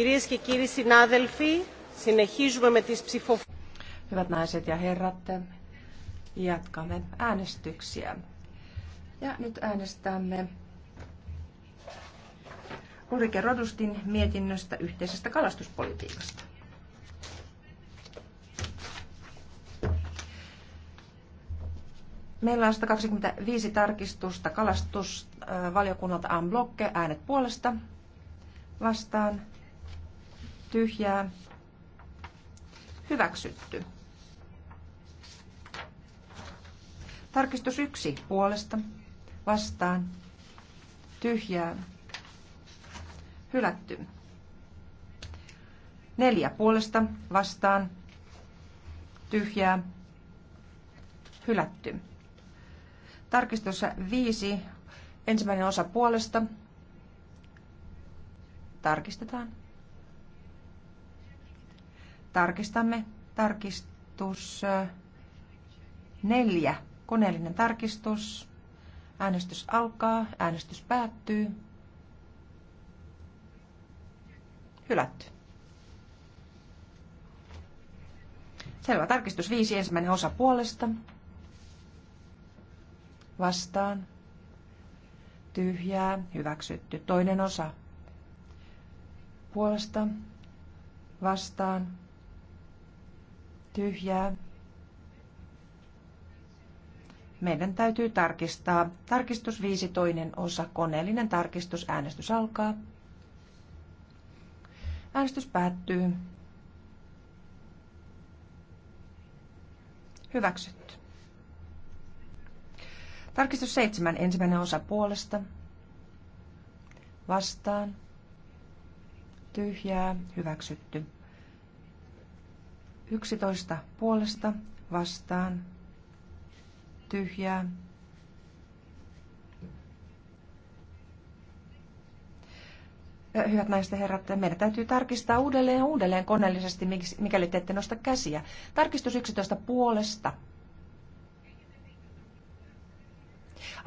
Κυρίες και κύριοι συνάδελφοι, συνεχίζουμε με τις ψηφοφορίες. Hyvät naiset ja herrat, jatkamme äänestyksiä. Ja nyt äänestämme Ulrike Rodustin mietinnöstä yhteisestä kalastuspolitiikasta. Meillä on 125 tarkistusta kalastusvaliokunnalta en blokke äänet puolesta vastaan tyhjää, hyväksytty. Tarkistus yksi puolesta, vastaan, tyhjää, hylätty. Neljä puolesta, vastaan, tyhjää, hylätty. Tarkistus viisi, ensimmäinen osa puolesta, tarkistetaan. Tarkistamme tarkistus neljä. Koneellinen tarkistus. Äänestys alkaa. Äänestys päättyy. Hylätty. Selvä. Tarkistus viisi ensimmäinen osa puolesta. Vastaan. Tyhjää. Hyväksytty. Toinen osa. Puolesta. Vastaan Tyhjää. Meidän täytyy tarkistaa. Tarkistus 5 toinen osa. Koneellinen tarkistus. Äänestys alkaa. Äänestys päättyy. Hyväksytty. Tarkistus 7. Ensimmäinen osa puolesta. Vastaan. Tyhjää. Hyväksytty. 11 puolesta vastaan tyhjää. Hyvät naiset ja herrat, meidän täytyy tarkistaa uudelleen ja uudelleen koneellisesti, mikäli te ette nosta käsiä. Tarkistus 11 puolesta.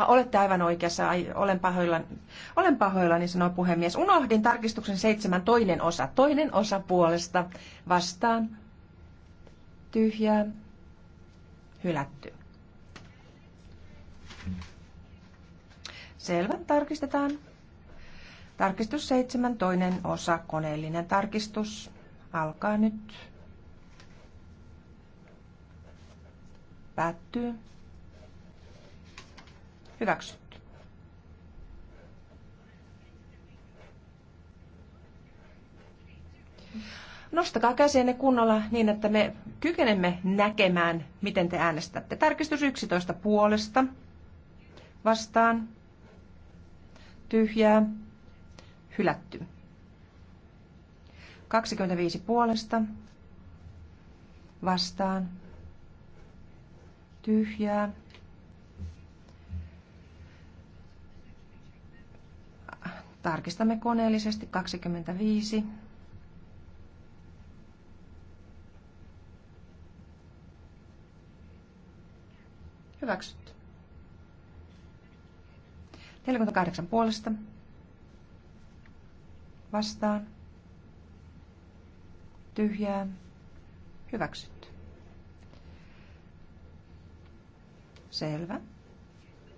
Olette aivan oikeassa, olen pahoillani, olen pahoillani, sanoi puhemies. Unohdin tarkistuksen seitsemän toinen osa. Toinen osa puolesta vastaan tyhjää, hylätty. Selvä, tarkistetaan. Tarkistus 7, toinen osa, koneellinen tarkistus, alkaa nyt. Päättyy. Hyväksytty. Mm. Nostakaa käsienne kunnolla niin, että me kykenemme näkemään, miten te äänestätte. Tarkistus 11 puolesta. Vastaan. Tyhjää. Hylätty. 25 puolesta. Vastaan. Tyhjää. Tarkistamme koneellisesti 25. Hyväksytty. 48 puolesta. Vastaan. Tyhjää. Hyväksytty. Selvä.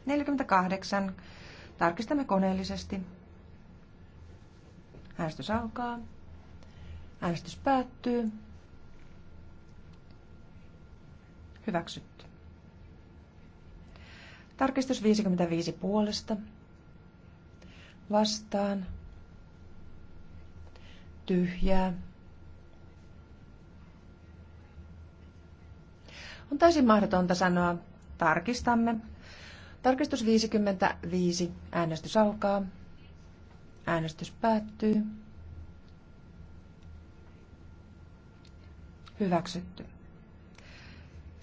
48. Tarkistamme koneellisesti. Äänestys alkaa. Äänestys päättyy. Hyväksytty. Tarkistus 55 puolesta. Vastaan. Tyhjää. On täysin mahdotonta sanoa. Tarkistamme. Tarkistus 55. Äänestys alkaa. Äänestys päättyy. Hyväksytty.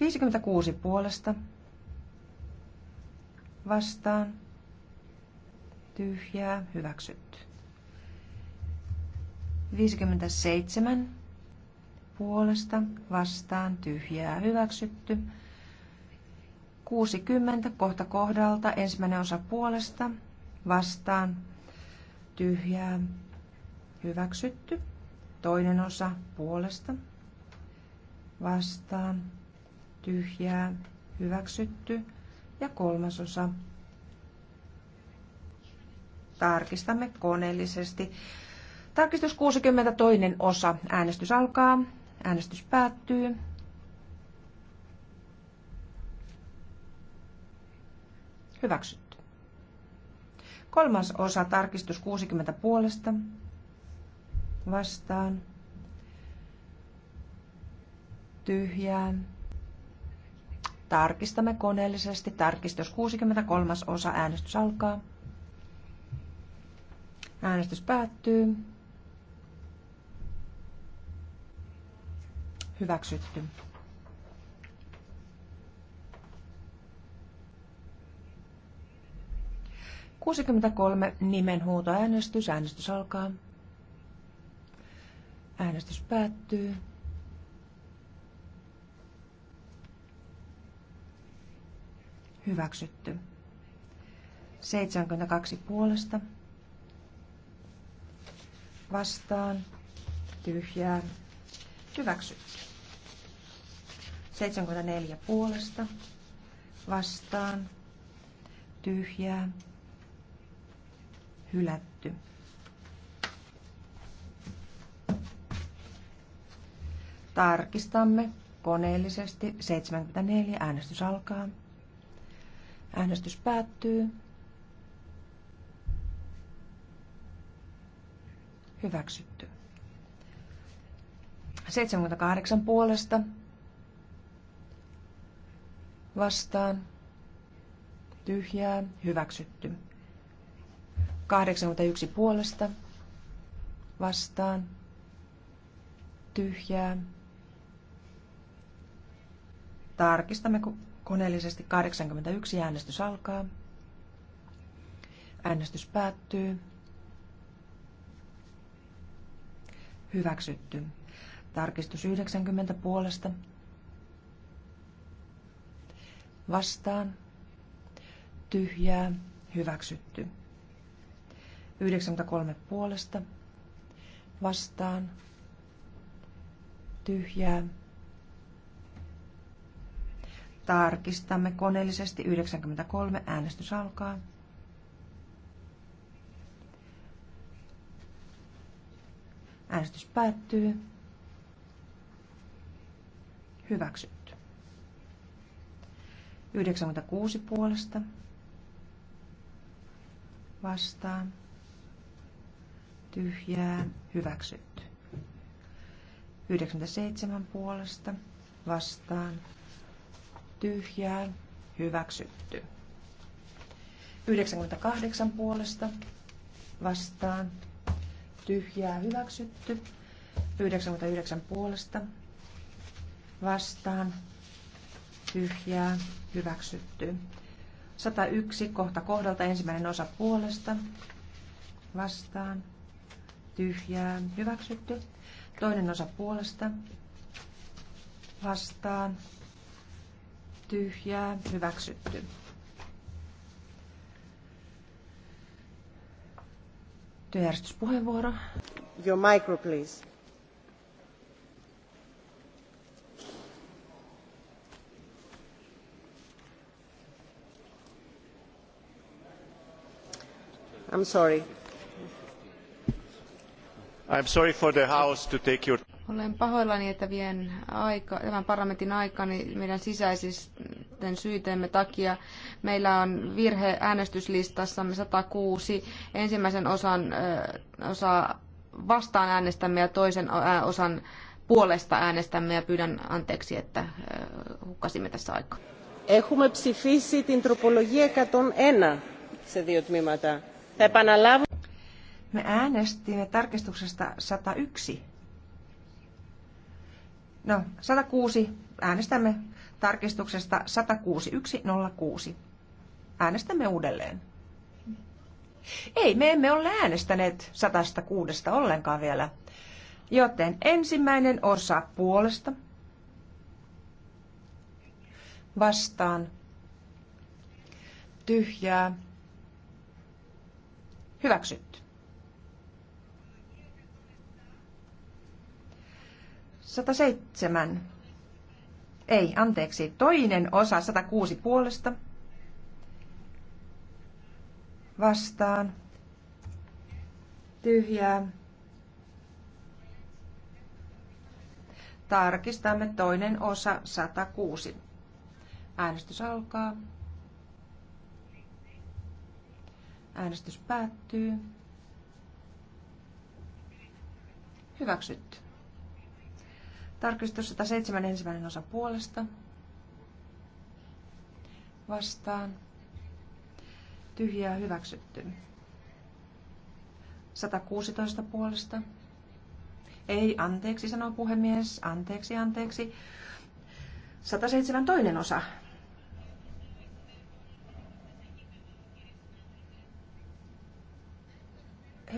56 puolesta vastaan, tyhjää, hyväksytty. 57 puolesta, vastaan, tyhjää, hyväksytty. 60 kohta kohdalta, ensimmäinen osa puolesta, vastaan, tyhjää, hyväksytty. Toinen osa puolesta, vastaan, tyhjää, hyväksytty ja kolmasosa. Tarkistamme koneellisesti. Tarkistus 60 toinen osa. Äänestys alkaa. Äänestys päättyy. Hyväksytty. Kolmas osa. Tarkistus 60 puolesta. Vastaan. Tyhjään Tarkistamme koneellisesti. Tarkistus 63. osa. Äänestys alkaa. Äänestys päättyy. Hyväksytty. Kuusikymmentäkolme nimenhuutoäänestys. Äänestys alkaa. Äänestys päättyy. hyväksytty. 72 puolesta vastaan tyhjää hyväksytty. 74 puolesta vastaan tyhjää hylätty. 74 puolesta, vastaan, tyhjää, hylätty. Tarkistamme koneellisesti 74 äänestys alkaa. Äänestys päättyy. Hyväksytty. 78 puolesta vastaan tyhjää hyväksytty. 81 puolesta vastaan tyhjää. Tarkistamme, kun Koneellisesti 81 äänestys alkaa. Äänestys päättyy. Hyväksytty. Tarkistus 90 puolesta. Vastaan. Tyhjää. Hyväksytty. 93 puolesta. Vastaan. Tyhjää Tarkistamme koneellisesti 93. Äänestys alkaa. Äänestys päättyy. Hyväksytty. 96 puolesta. Vastaan. Tyhjää. Hyväksytty. 97 puolesta. Vastaan tyhjää, hyväksytty. 98 puolesta vastaan, tyhjää, hyväksytty. 99 puolesta vastaan, tyhjää, hyväksytty. 101 kohta kohdalta ensimmäinen osa puolesta vastaan, tyhjää, hyväksytty. Toinen osa puolesta vastaan, tyhjää, hyväksytty. Työjärjestyspuheenvuoro. Your micro, please. I'm sorry. I'm sorry for the house to take your olen pahoillani, että vien aika, tämän parlamentin aikani niin meidän sisäisisten syyteemme takia. Meillä on virhe äänestyslistassamme 106. Ensimmäisen osan osaa vastaan äänestämme ja toisen osan puolesta äänestämme ja pyydän anteeksi, että ö, hukkasimme tässä aikaa. Έχουμε ψηφίσει την τροπολογία 101 σε δύο τμήματα. Θα επαναλάβω. Me äänestimme tarkistuksesta 101. No, 106. Äänestämme tarkistuksesta 106106. Äänestämme uudelleen. Ei, me emme ole äänestäneet 106 ollenkaan vielä. Joten ensimmäinen osa puolesta vastaan tyhjää hyväksytty. 107. Ei, anteeksi. Toinen osa 106 puolesta. Vastaan. Tyhjää. Tarkistamme toinen osa 106. Äänestys alkaa. Äänestys päättyy. Hyväksytty. Tarkistus 107 ensimmäinen osa puolesta. Vastaan. Tyhjää hyväksytty. 116 puolesta. Ei, anteeksi, sanoo puhemies. Anteeksi, anteeksi. 107 toinen osa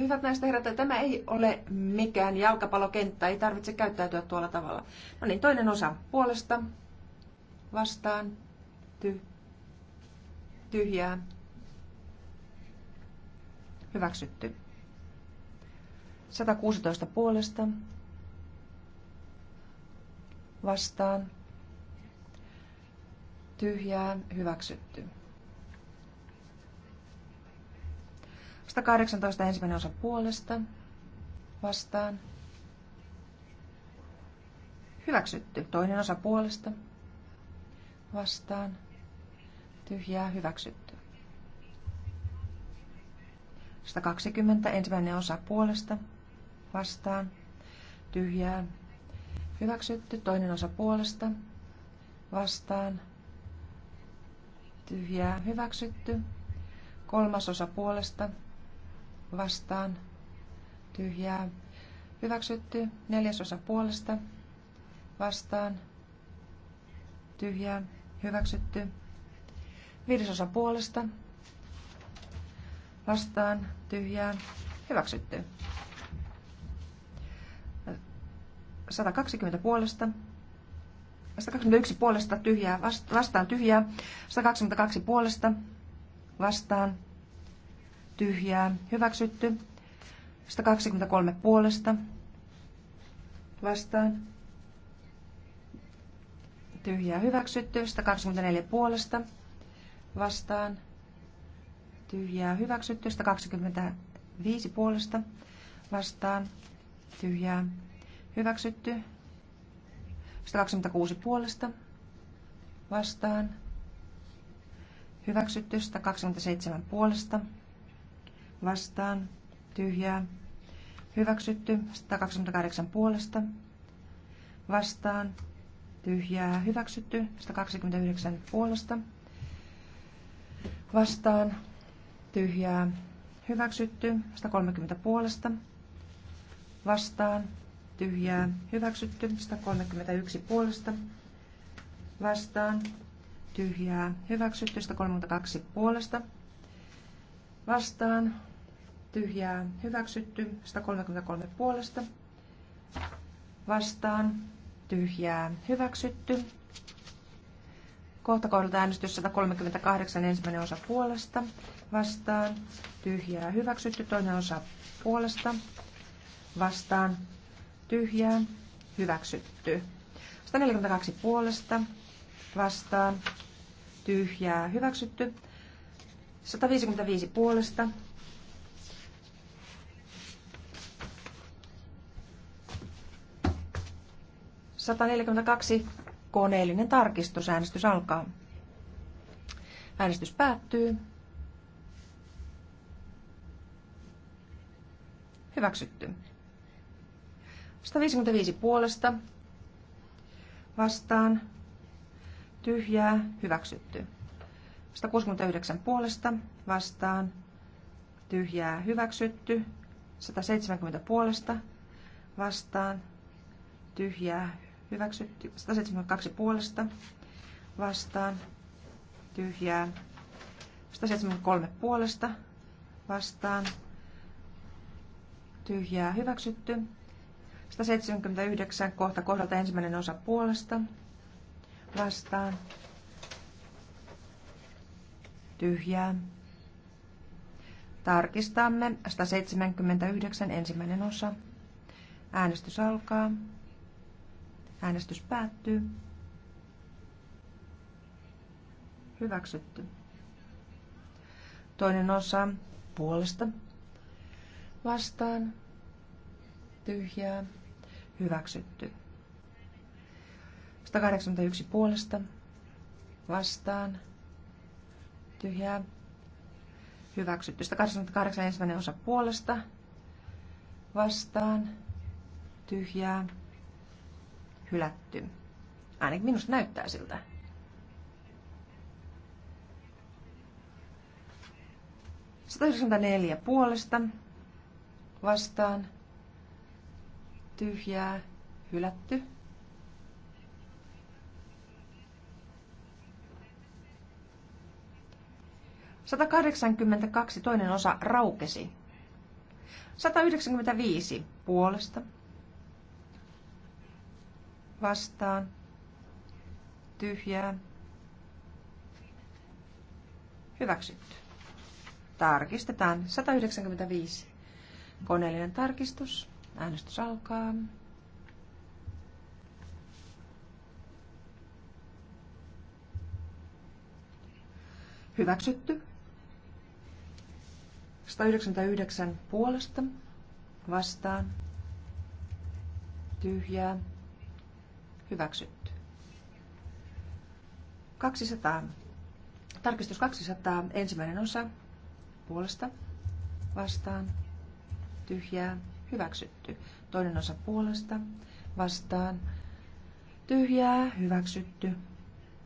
hyvät näistä herrat, että tämä ei ole mikään jalkapallokenttä, ei tarvitse käyttäytyä tuolla tavalla. No niin, toinen osa puolesta, vastaan, ty, tyhjää, hyväksytty. 116 puolesta, vastaan, tyhjää, hyväksytty. 118 ensimmäinen osa puolesta vastaan. Hyväksytty. Toinen osa puolesta vastaan. Tyhjää hyväksytty. 120 ensimmäinen osa puolesta vastaan. Tyhjää hyväksytty. Toinen osa puolesta vastaan. Tyhjää hyväksytty. Kolmas osa puolesta vastaan, tyhjää, hyväksytty. Neljäsosa puolesta, vastaan, tyhjää, hyväksytty. Viidesosa puolesta, vastaan, tyhjää, hyväksytty. 120 puolesta, 121 puolesta tyhjää, vastaan tyhjää, 122 puolesta, vastaan tyhjää hyväksytty. 123 puolesta vastaan tyhjää hyväksytty. 124 puolesta vastaan tyhjää hyväksytty. 125 puolesta vastaan tyhjää hyväksytty. 126 puolesta vastaan hyväksytty. 127 puolesta vastaan, tyhjää, hyväksytty, 128 puolesta, vastaan, tyhjää, hyväksytty, 129 puolesta, vastaan, tyhjää, hyväksytty, 130 puolesta, vastaan, tyhjää, hyväksytty, 131 puolesta, vastaan, tyhjää, hyväksytty, 132 puolesta, vastaan, tyhjää hyväksytty. 133 puolesta vastaan tyhjää hyväksytty. Kohta kohdalta äänestys 138 ensimmäinen osa puolesta vastaan tyhjää hyväksytty. Toinen osa puolesta vastaan tyhjää hyväksytty. 142 puolesta vastaan tyhjää hyväksytty. 155 puolesta 142 koneellinen tarkistus. Äänestys alkaa. Äänestys päättyy. Hyväksytty. 155 puolesta. Vastaan. Tyhjää. Hyväksytty. 169 puolesta. Vastaan. Tyhjää. Hyväksytty. 170 puolesta. Vastaan. Tyhjää hyväksytty. 172 puolesta vastaan tyhjää. 173 puolesta vastaan tyhjää hyväksytty. 179 kohta kohdalta ensimmäinen osa puolesta vastaan tyhjää. Tarkistamme 179 ensimmäinen osa. Äänestys alkaa. Äänestys päättyy. Hyväksytty. Toinen osa puolesta. Vastaan. Tyhjää. Hyväksytty. 181 puolesta. Vastaan. Tyhjää. Hyväksytty. 188 ensimmäinen osa puolesta. Vastaan. Tyhjää hylätty. Ainakin minusta näyttää siltä. neljä puolesta vastaan tyhjää hylätty. kaksi toinen osa raukesi. 195 puolesta vastaan, tyhjää, hyväksytty. Tarkistetaan 195. Koneellinen tarkistus. Äänestys alkaa. Hyväksytty. 199 puolesta vastaan. Tyhjää. Hyväksytty. 200. Tarkistus 200. Ensimmäinen osa. Puolesta. Vastaan. Tyhjää. Hyväksytty. Toinen osa puolesta. Vastaan. Tyhjää. Hyväksytty.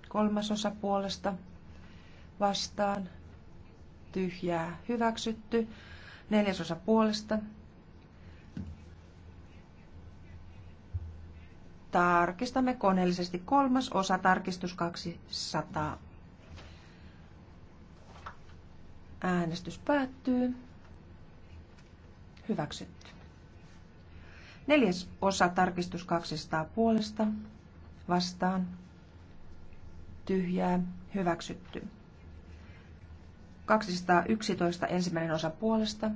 Kolmas osa puolesta. Vastaan. Tyhjää. Hyväksytty. osa puolesta Tarkistamme koneellisesti kolmas osa, tarkistus 200. Äänestys päättyy. Hyväksytty. Neljäs osa, tarkistus 200 puolesta. Vastaan. Tyhjää. Hyväksytty. 211 ensimmäinen osa puolesta.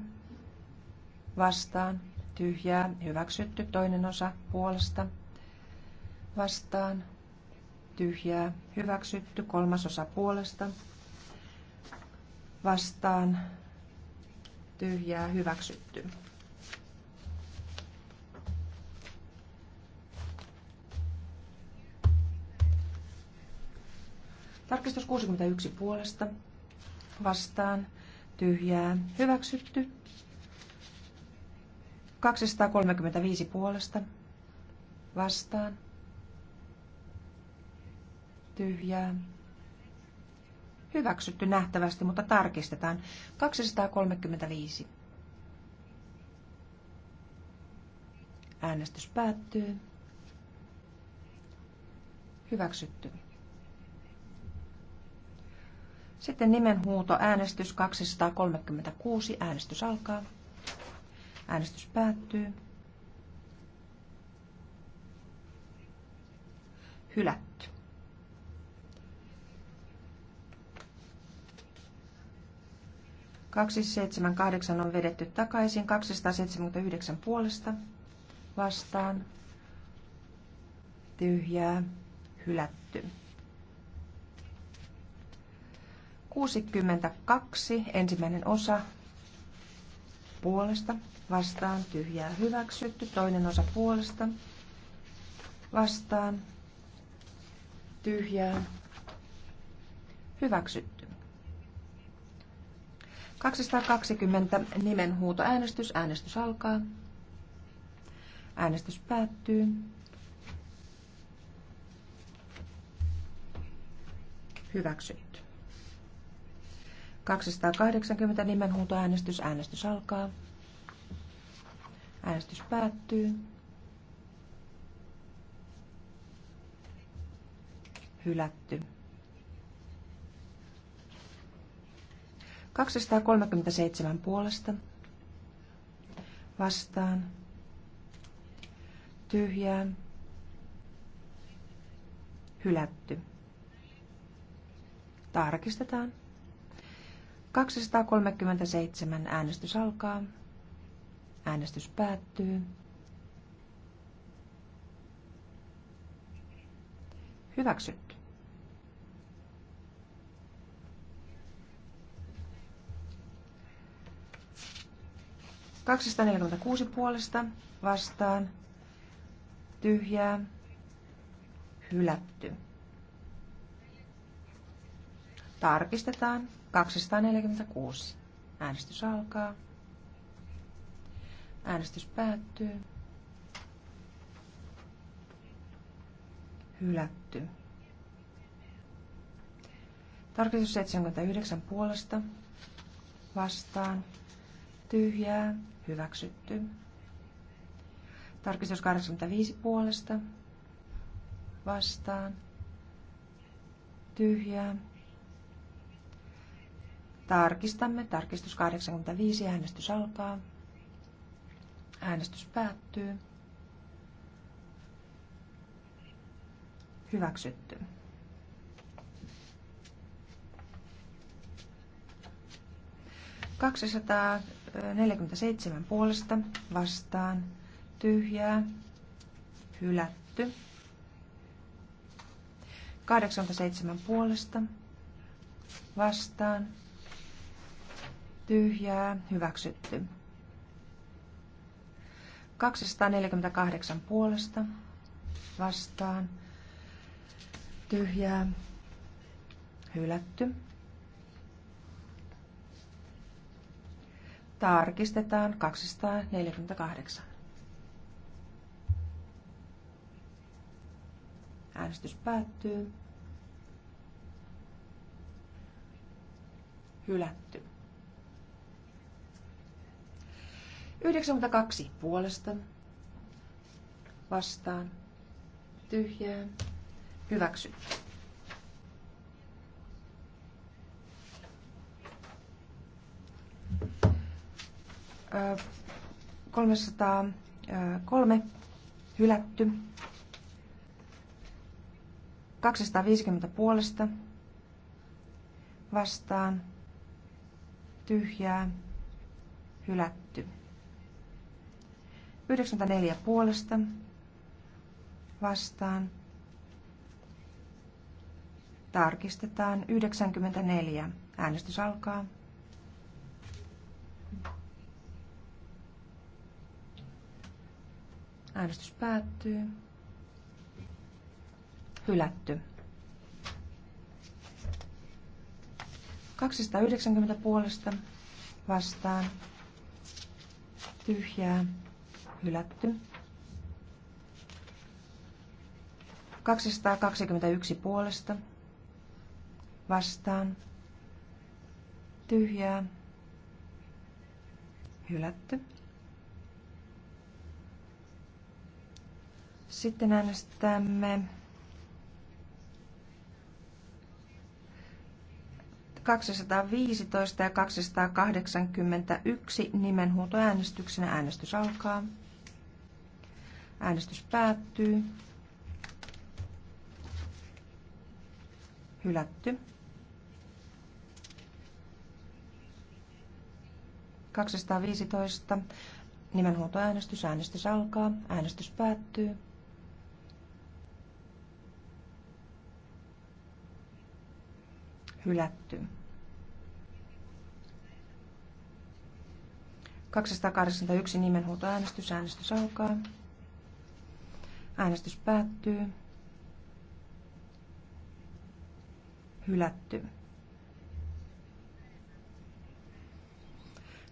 Vastaan. Tyhjää. Hyväksytty. Toinen osa puolesta vastaan, tyhjää, hyväksytty, kolmasosa puolesta, vastaan, tyhjää, hyväksytty. Tarkistus 61 puolesta, vastaan, tyhjää, hyväksytty. 235 puolesta, vastaan, tyhjää. Hyväksytty nähtävästi, mutta tarkistetaan. 235. Äänestys päättyy. Hyväksytty. Sitten nimenhuuto äänestys 236. Äänestys alkaa. Äänestys päättyy. Hylätty. 278 on vedetty takaisin. 279 puolesta vastaan. Tyhjää. Hylätty. 62. Ensimmäinen osa puolesta vastaan. Tyhjää. Hyväksytty. Toinen osa puolesta vastaan. Tyhjää. Hyväksytty. 220 nimenhuutoäänestys. Äänestys alkaa. Äänestys päättyy. Hyväksytty. 280 nimenhuutoäänestys. Äänestys alkaa. Äänestys päättyy. Hylätty. 237 puolesta. Vastaan. Tyhjää. Hylätty. Tarkistetaan. 237 äänestys alkaa. Äänestys päättyy. Hyväksytty. 246 puolesta vastaan tyhjää hylätty. Tarkistetaan 246. Äänestys alkaa. Äänestys päättyy. Hylätty. Tarkistus 79 puolesta vastaan tyhjää, hyväksytty. Tarkistus 85 puolesta, vastaan, tyhjää. Tarkistamme, tarkistus 85, äänestys alkaa. Äänestys päättyy. Hyväksytty. Kaksisataa 47 puolesta vastaan tyhjää hylätty. 87 puolesta vastaan tyhjää hyväksytty. 248 puolesta vastaan tyhjää hylätty. Tarkistetaan 248. Äänestys päättyy. Hylätty. 92 puolesta. Vastaan. Tyhjää. Hyväksytty. 303 hylätty. 250 puolesta vastaan tyhjää hylätty. 94 puolesta vastaan tarkistetaan 94. Äänestys alkaa. Äänestys päättyy. Hylätty. 290 puolesta vastaan. Tyhjää. Hylätty. 221 puolesta vastaan. Tyhjää. Hylätty. Sitten äänestämme 215 ja 281 nimenhuutoäänestyksenä. Äänestys alkaa. Äänestys päättyy. Hylätty. 215 nimenhuutoäänestys. Äänestys alkaa. Äänestys päättyy. hylätty. 281 nimenhuutoäänestys. Äänestys alkaa. Äänestys päättyy. Hylätty.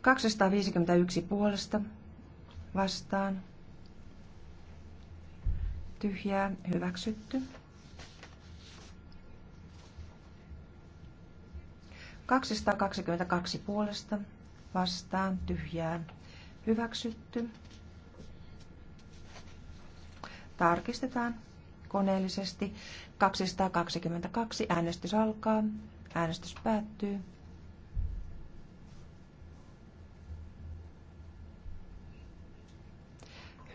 251 puolesta vastaan. Tyhjää hyväksytty. 222 puolesta vastaan tyhjää hyväksytty. Tarkistetaan koneellisesti. 222 äänestys alkaa. Äänestys päättyy.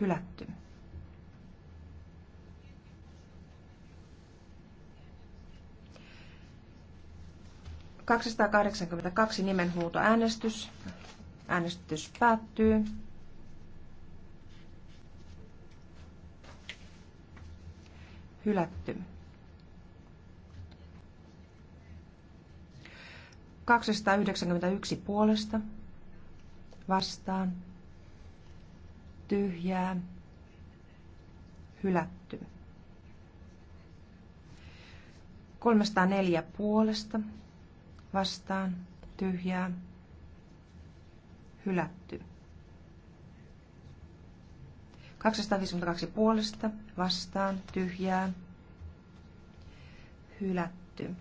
Hylätty. 282 nimenhuutoäänestys. Äänestys päättyy. Hylätty. 291 puolesta. Vastaan. Tyhjää. Hylätty. 304 puolesta vastaan, tyhjää, hylätty. 252 puolesta, vastaan, tyhjää, hylätty.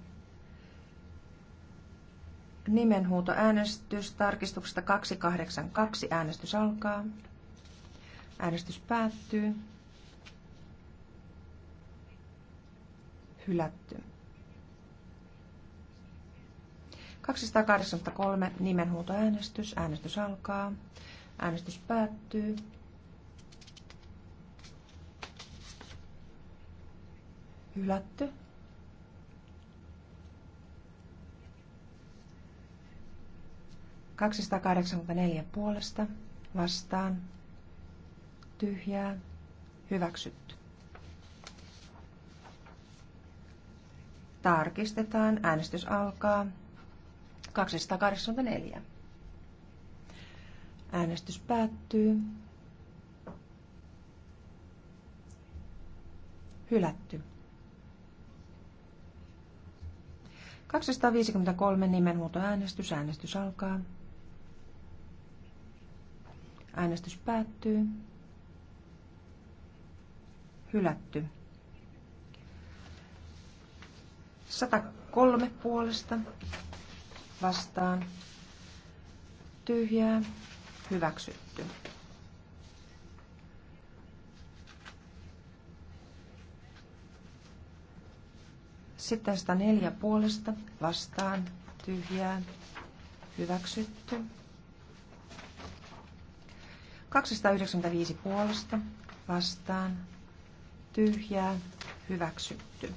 Nimenhuuto äänestys tarkistuksesta 282 äänestys alkaa. Äänestys päättyy. Hylätty. 283 nimenhuutoäänestys. Äänestys alkaa. Äänestys päättyy. Hylätty. Kaksisataakahdeksankymmentäneljä puolesta vastaan tyhjää hyväksytty. Tarkistetaan. Äänestys alkaa. 284. Äänestys päättyy. Hylätty. 253 nimenhuutoäänestys. Äänestys alkaa. Äänestys päättyy. Hylätty. 103 puolesta vastaan tyhjää hyväksytty. Sitten 104 puolesta vastaan tyhjää hyväksytty. 295 puolesta vastaan tyhjää hyväksytty.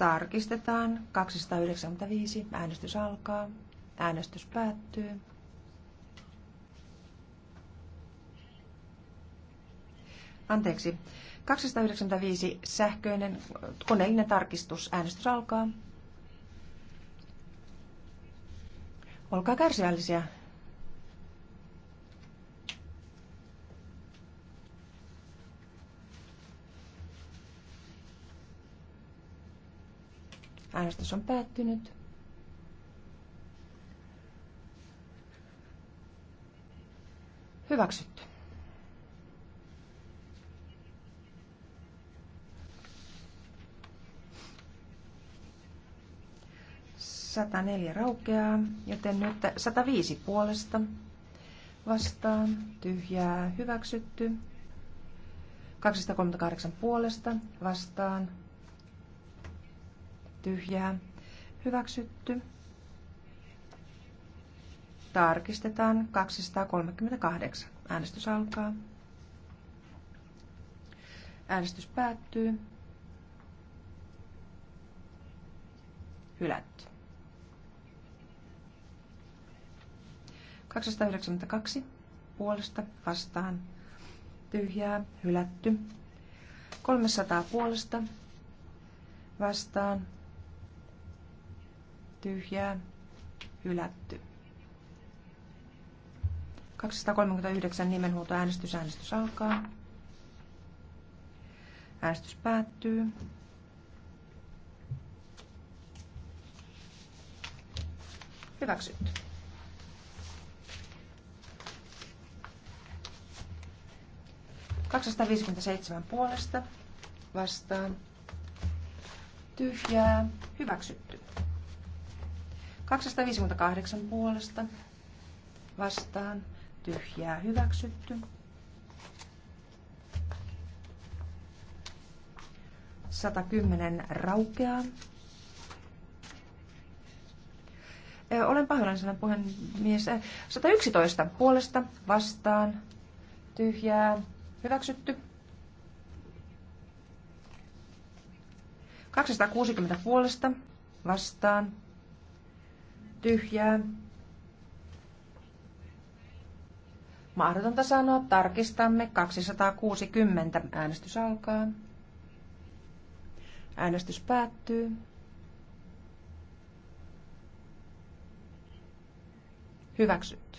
Tarkistetaan. 295. Äänestys alkaa. Äänestys päättyy. Anteeksi. 295 sähköinen koneellinen tarkistus. Äänestys alkaa. Olkaa kärsiällisiä. Äänestys on päättynyt. Hyväksytty. neljä raukeaa, joten nyt 105 puolesta vastaan, tyhjää, hyväksytty. 238 puolesta vastaan, tyhjää, hyväksytty. Tarkistetaan 238. Äänestys alkaa. Äänestys päättyy. Hylätty. 292 puolesta vastaan. Tyhjää, hylätty. 300 puolesta vastaan, tyhjää, hylätty. 239 nimenhuuto äänestys, äänestys alkaa. Äänestys päättyy. Hyväksytty. Kaksisataaviisikymmentäseitsemän puolesta vastaan. Tyhjää. Hyväksytty. 258 puolesta vastaan tyhjää hyväksytty. kymmenen raukeaa. Olen pahoillani sanan puhemies. 111 puolesta vastaan tyhjää hyväksytty. 260 puolesta vastaan Tyhjää. Mahdotonta sanoa. Tarkistamme. 260. Äänestys alkaa. Äänestys päättyy. Hyväksytty.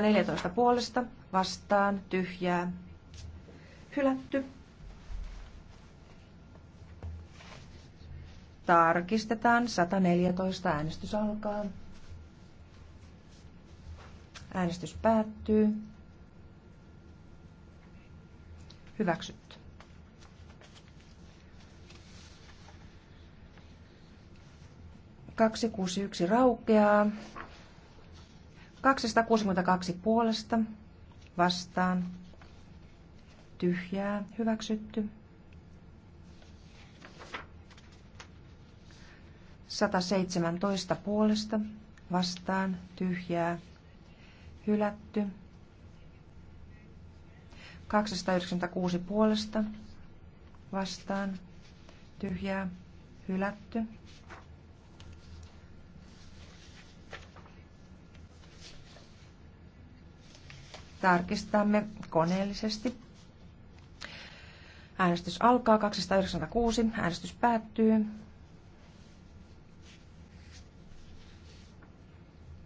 14 puolesta vastaan tyhjää. Hylätty. Tarkistetaan. 114. Äänestys alkaa. Äänestys päättyy. Hyväksytty. Kaksi kuusi yksi raukeaa. 262 puolesta vastaan. Tyhjää hyväksytty. 117 puolesta vastaan tyhjää hylätty. 296 puolesta vastaan tyhjää hylätty. Tarkistamme koneellisesti. Äänestys alkaa 296, äänestys päättyy.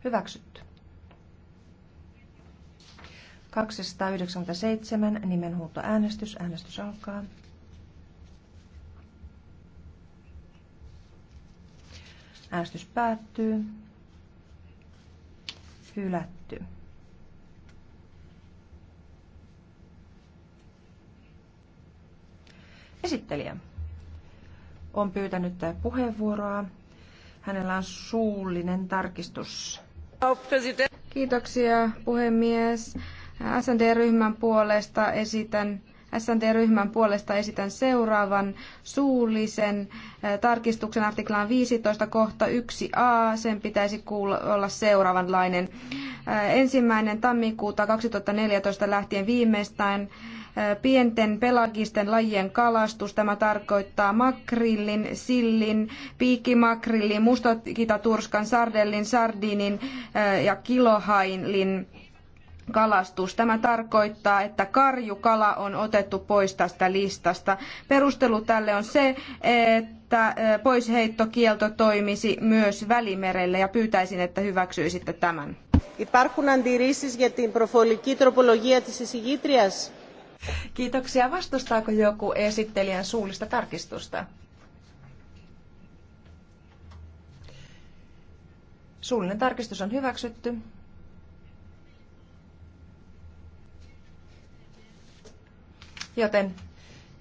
Hyväksytty. 297 nimenhuuto Äänestys alkaa. Äänestys päättyy. Hylätty. Esittelijä on pyytänyt puheenvuoroa. Hänellä on suullinen tarkistus Kiitoksia puhemies. SND-ryhmän puolesta esitän SND-ryhmän puolesta esitän seuraavan suullisen tarkistuksen artiklaan 15 kohta 1a. Sen pitäisi kuulla, olla seuraavanlainen. Ensimmäinen tammikuuta 2014 lähtien viimeistään pienten pelagisten lajien kalastus. Tämä tarkoittaa makrillin, sillin, piikkimakrillin, mustakitaturskan, sardellin, sardinin äh, ja kilohailin kalastus. Tämä tarkoittaa, että karjukala on otettu pois tästä listasta. Perustelu tälle on se, että äh, poisheittokielto toimisi myös Välimerelle ja pyytäisin, että hyväksyisitte tämän. Υπάρχουν αντιρρήσεις για την προφορική τροπολογία της εισηγήτριας. Kiitoksia. Vastustaako joku esittelijän suullista tarkistusta? Suullinen tarkistus on hyväksytty. Joten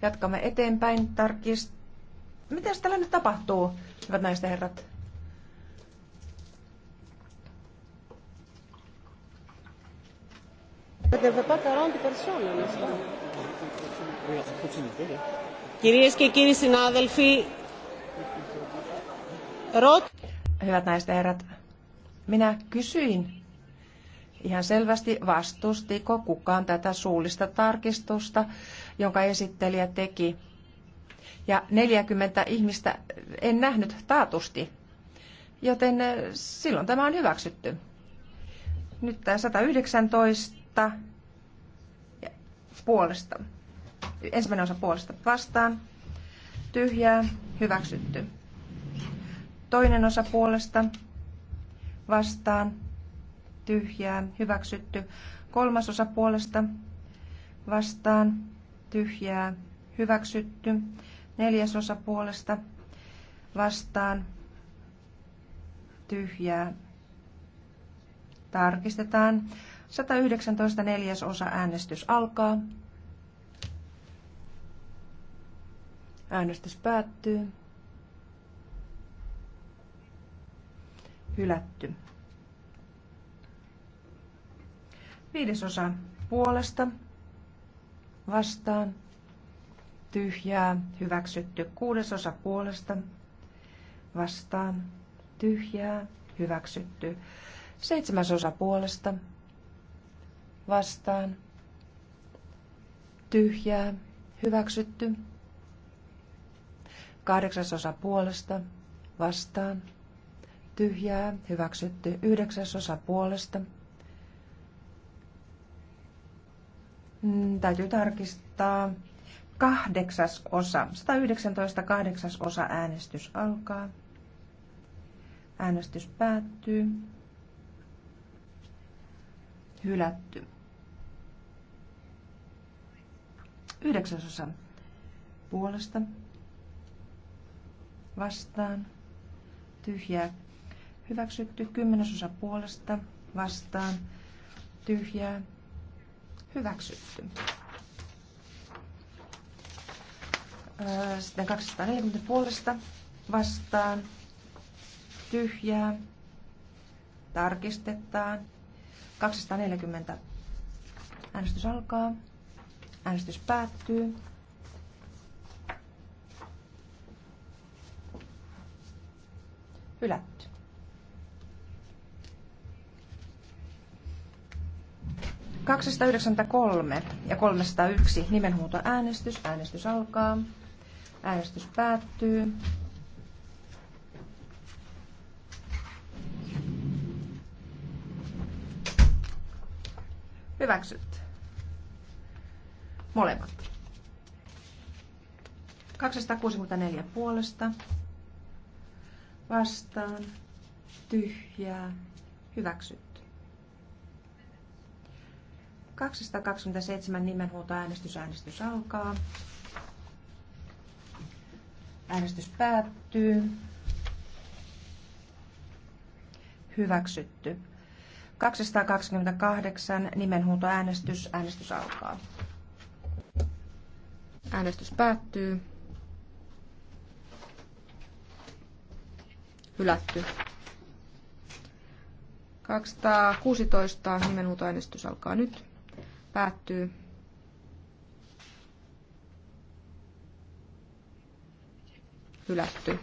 jatkamme eteenpäin. Tarkist... Miten tällä nyt tapahtuu, hyvät naiset ja herrat? Κυρίες και κύριοι συνάδελφοι, Hyvät naiset ja herrat, minä kysyin ihan selvästi, vastustiko kukaan tätä suullista tarkistusta, jonka esittelijä teki. Ja 40 ihmistä en nähnyt taatusti, joten eh, silloin tämä on hyväksytty. Nyt tämä 119 kautta puolesta. Ensimmäinen osa puolesta vastaan. Tyhjää. Hyväksytty. Toinen osa puolesta vastaan. Tyhjää. Hyväksytty. Kolmas osa puolesta vastaan. Tyhjää. Hyväksytty. Neljäs osa puolesta vastaan. Tyhjää. Tarkistetaan. 119 neljäsosa äänestys alkaa. Äänestys päättyy. Hylätty. Viidesosa puolesta vastaan. Tyhjää. Hyväksytty. Kuudesosa puolesta vastaan. Tyhjää. Hyväksytty. Seitsemäsosa puolesta vastaan, tyhjää, hyväksytty. Kahdeksasosa puolesta, vastaan, tyhjää, hyväksytty. Yhdeksäsosa puolesta. Mm, täytyy tarkistaa. Kahdeksas osa, 119 kahdeksas osa äänestys alkaa. Äänestys päättyy. Hylätty. Yhdeksäsosa puolesta vastaan tyhjää. Hyväksytty kymmenesosa puolesta vastaan tyhjää. Hyväksytty. Öö, sitten 240 puolesta vastaan tyhjää. Tarkistetaan. 240. Äänestys alkaa. Äänestys päättyy. Hylätty. kolme ja 301 nimenhuuto äänestys. Äänestys alkaa. Äänestys päättyy. Hyväksyt. Molemmat. 264 puolesta. Vastaan. Tyhjää. Hyväksytty. 227 nimenhuuto Äänestys äänestys alkaa. Äänestys päättyy. Hyväksytty. 228 äänestys, Äänestys alkaa. Äänestys päättyy. Hylätty. 216 nimenhuutoäänestys alkaa nyt. Päättyy. Hylätty.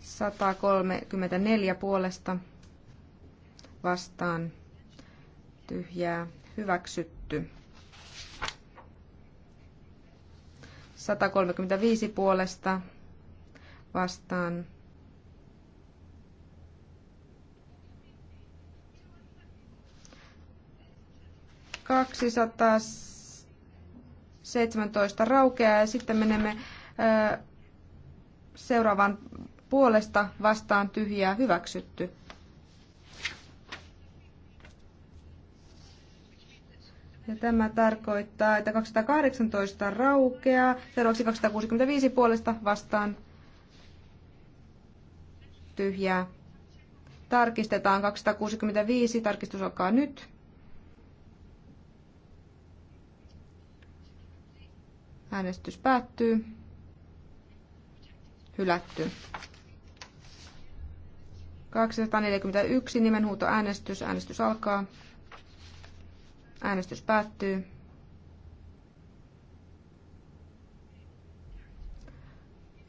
134 puolesta vastaan tyhjää hyväksytty. 135 puolesta vastaan. Kaksisataa raukeaa ja sitten menemme seuraavan puolesta vastaan tyhjää hyväksytty. Ja tämä tarkoittaa, että 218 raukeaa. Seuraavaksi 265 puolesta vastaan tyhjää. Tarkistetaan 265. Tarkistus alkaa nyt. Äänestys päättyy. Hylätty. 241 nimenhuuto äänestys. Äänestys alkaa. Äänestys päättyy.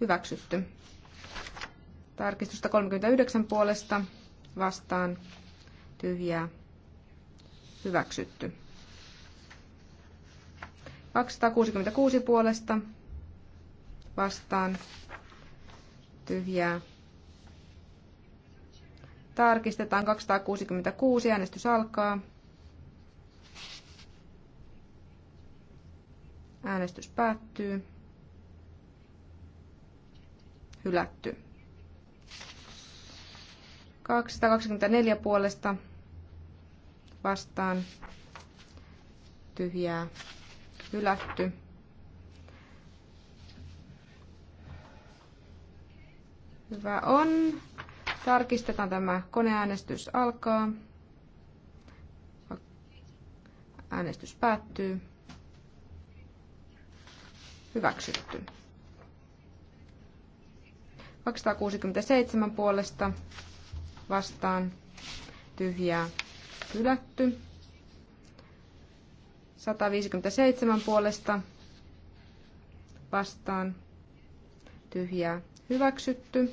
Hyväksytty. Tarkistusta 39 puolesta vastaan tyhjää. Hyväksytty. 266 puolesta vastaan tyhjää. Tarkistetaan 266. Äänestys alkaa. Äänestys päättyy. Hylätty. 224 puolesta vastaan tyhjää hylätty. Hyvä on. Tarkistetaan tämä koneäänestys alkaa. Äänestys päättyy. Hyväksytty. 267 puolesta vastaan tyhjää hylätty. 157 puolesta vastaan tyhjää hyväksytty.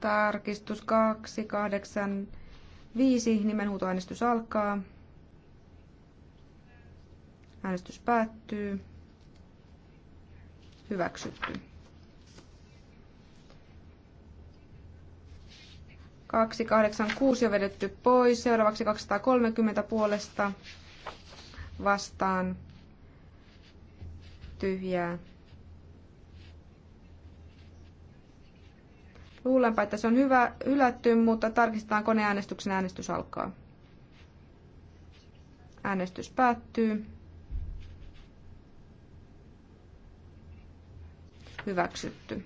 Tarkistus 285 nimenhuutoäänestys alkaa. Äänestys päättyy. Hyväksytty. 286 on vedetty pois. Seuraavaksi 230 puolesta vastaan tyhjää. Luulenpa, että se on hyvä hylätty, mutta tarkistetaan koneäänestyksen äänestys alkaa. Äänestys päättyy. Hyväksytty.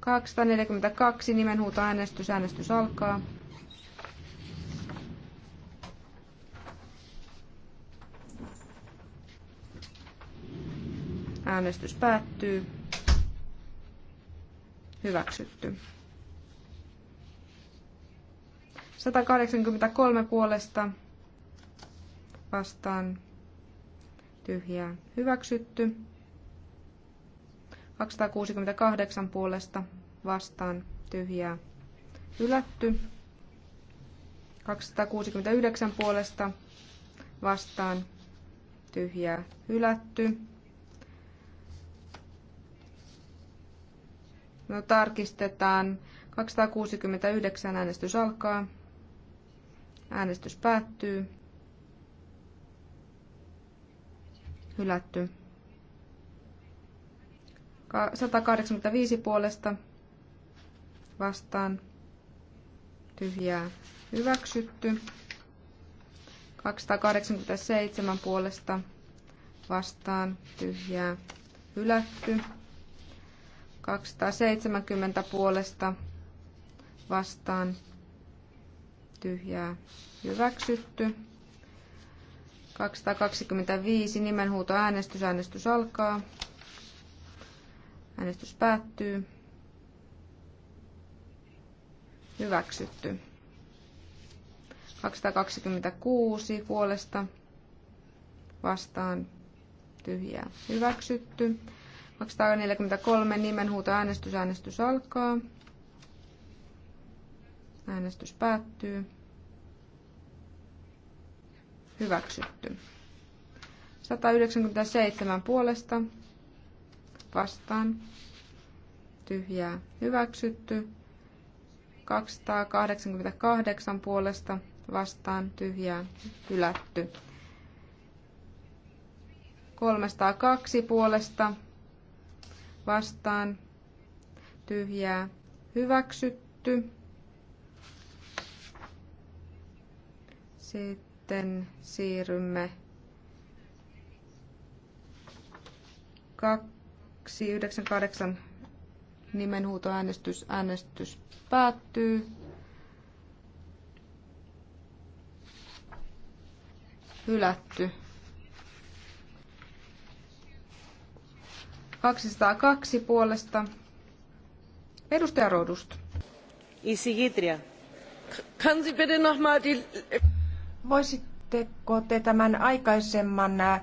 242 äänestys, Äänestys alkaa. Äänestys päättyy. Hyväksytty. 183 puolesta vastaan tyhjää hyväksytty. 268 puolesta vastaan tyhjää hylätty. 269 puolesta vastaan tyhjää hylätty. No tarkistetaan. 269 äänestys alkaa. Äänestys päättyy. Hylätty. 185 puolesta vastaan tyhjää hyväksytty. 287 puolesta vastaan tyhjää hylätty. 270 puolesta vastaan tyhjää hyväksytty. 225 nimenhuuto äänestys. Äänestys alkaa. Äänestys päättyy. Hyväksytty. 226 puolesta vastaan tyhjää. Hyväksytty. 243 nimenhuuto äänestys. Äänestys alkaa. Äänestys päättyy. Hyväksytty. 197 puolesta vastaan. Tyhjää hyväksytty. 288 puolesta vastaan tyhjää hylätty. 302 puolesta vastaan tyhjää hyväksytty. Sitten siirrymme 2 298 nimenhuutoäänestys. Äänestys päättyy. Hylätty. 202 puolesta. Edustaja Rodust. Isi Kann Sie bitte Voisitteko te tämän aikaisemman äh,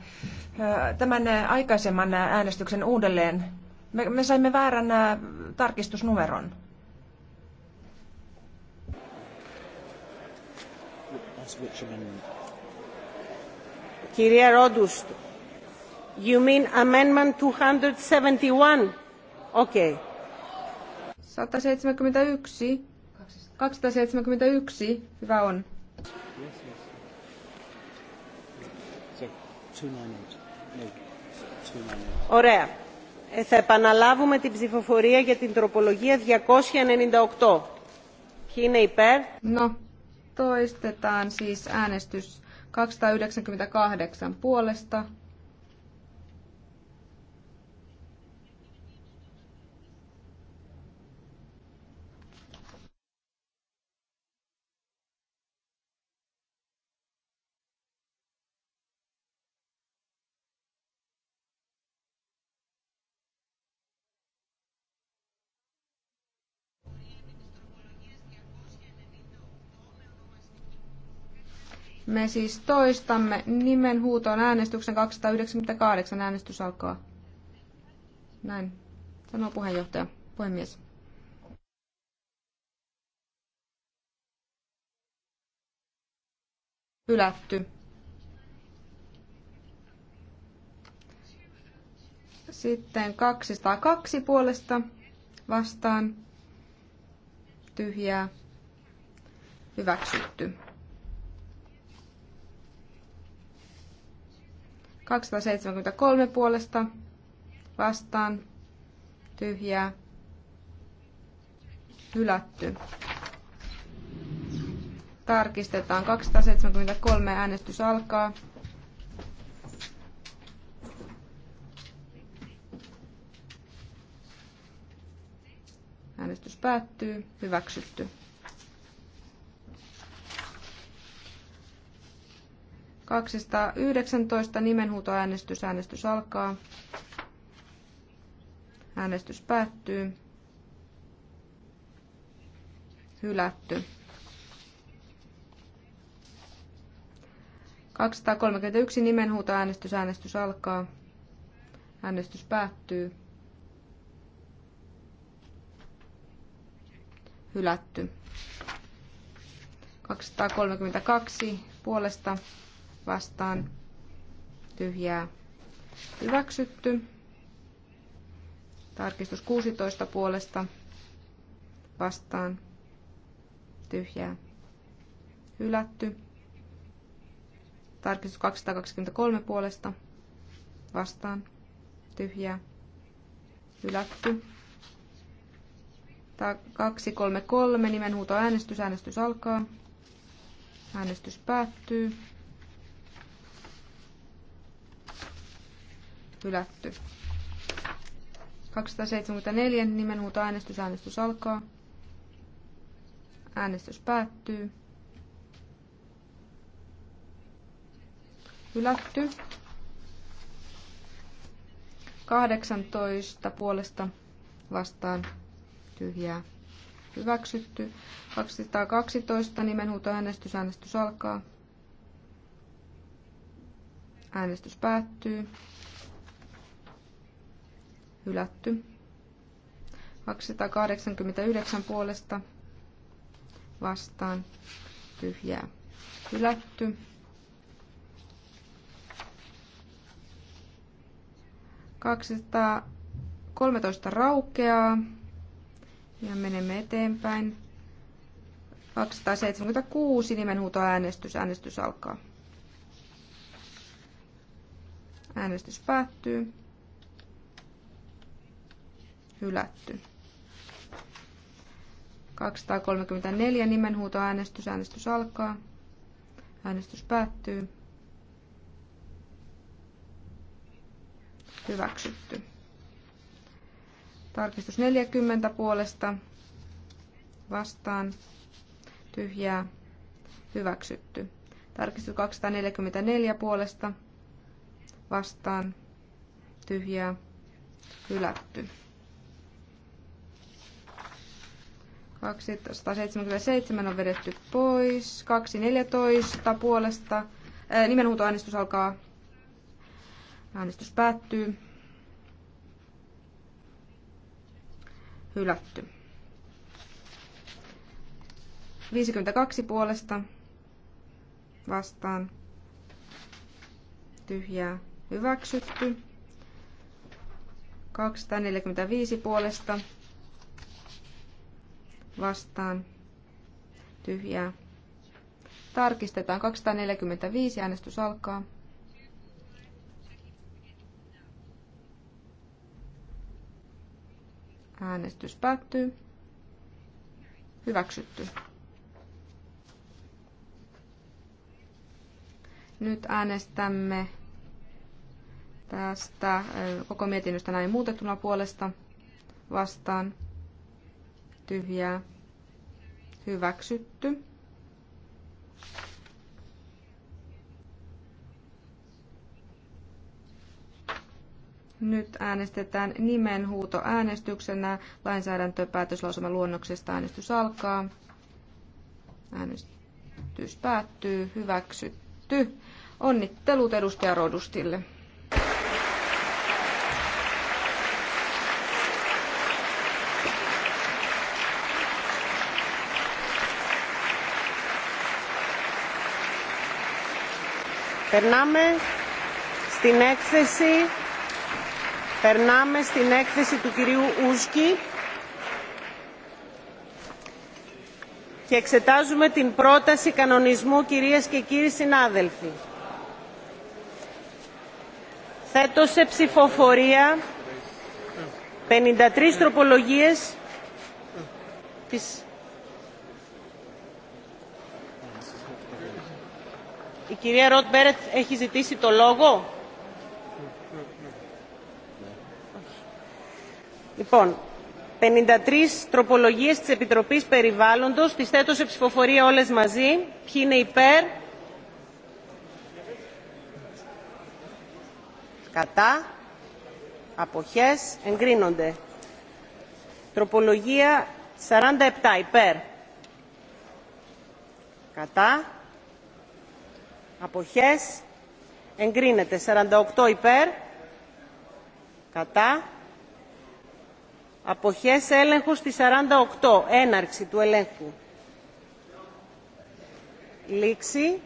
tämän aikaisemman äänestyksen uudelleen. Me, me saimme väärän tarkistusnumeron. Kirja Rodust, you mean amendment 271? Okei. Okay. 171. 271. Hyvä on. Yes, yes. So, 298. Ωραία. Ε, θα επαναλάβουμε την ψηφοφορία για την τροπολογία 298. Ποιοι είναι υπέρ? No, toistetaan siis äänestys 298 puolesta Me siis toistamme huutoon äänestyksen 298. Äänestys alkaa. Näin sanoo puheenjohtaja, puhemies. Hylätty. Sitten 202 puolesta vastaan. Tyhjää. Hyväksytty. 273 puolesta vastaan tyhjää hylätty. Tarkistetaan 273 äänestys alkaa. Äänestys päättyy. Hyväksytty. 219 nimenhuutoäänestys. Äänestys alkaa. Äänestys päättyy. Hylätty. 231 nimenhuutoäänestys. Äänestys alkaa. Äänestys päättyy. Hylätty. 232 puolesta vastaan tyhjää hyväksytty. Tarkistus 16 puolesta vastaan tyhjää hylätty. Tarkistus 223 puolesta vastaan tyhjää hylätty. 233 nimenhuuto äänestys. Äänestys alkaa. Äänestys päättyy. hylätty. 274 nimenhuuto äänestys. Äänestys alkaa. Äänestys päättyy. Hylätty. 18 puolesta vastaan tyhjää hyväksytty. 212 nimenhuuto äänestys. Äänestys alkaa. Äänestys päättyy hylätty. 289 puolesta vastaan tyhjää hylätty. kolmetoista raukeaa ja menemme eteenpäin. 276 äänestys Äänestys alkaa. Äänestys päättyy hylätty. 234 äänestys. Äänestys alkaa. Äänestys päättyy. Hyväksytty. Tarkistus 40 puolesta vastaan tyhjää hyväksytty. Tarkistus 244 puolesta vastaan tyhjää hylätty. 277 on vedetty pois. 214 puolesta. Nimenhuutoäänestys alkaa. Äänestys päättyy. Hylätty. 52 puolesta vastaan. Tyhjää hyväksytty. 245 puolesta vastaan tyhjää. Tarkistetaan 245, äänestys alkaa. Äänestys päättyy. Hyväksytty. Nyt äänestämme tästä koko mietinnöstä näin muutettuna puolesta vastaan tyhjää hyväksytty. Nyt äänestetään nimenhuuto äänestyksenä. Lainsäädäntöpäätöslausuman luonnoksesta äänestys alkaa. Äänestys päättyy. Hyväksytty. Onnittelut edustaja Rodustille. Περνάμε στην έκθεση, περνάμε στην έκθεση του κυρίου Ούσκη και εξετάζουμε την πρόταση κανονισμού, κυρίες και κύριοι συνάδελφοι. Θέτω σε ψηφοφορία 53 τροπολογίες της Η κυρία Ροτ Μπέρετ έχει ζητήσει το λόγο. Λοιπόν, 53 τροπολογίες της Επιτροπής Περιβάλλοντος. Τις θέτω σε ψηφοφορία όλες μαζί. Ποιοι είναι υπέρ. Κατά. Αποχές. Εγκρίνονται. Τροπολογία 47 υπέρ. Κατά αποχές εγκρίνεται 48 υπέρ κατά αποχές έλεγχου στη 48 έναρξη του ελέγχου λήξη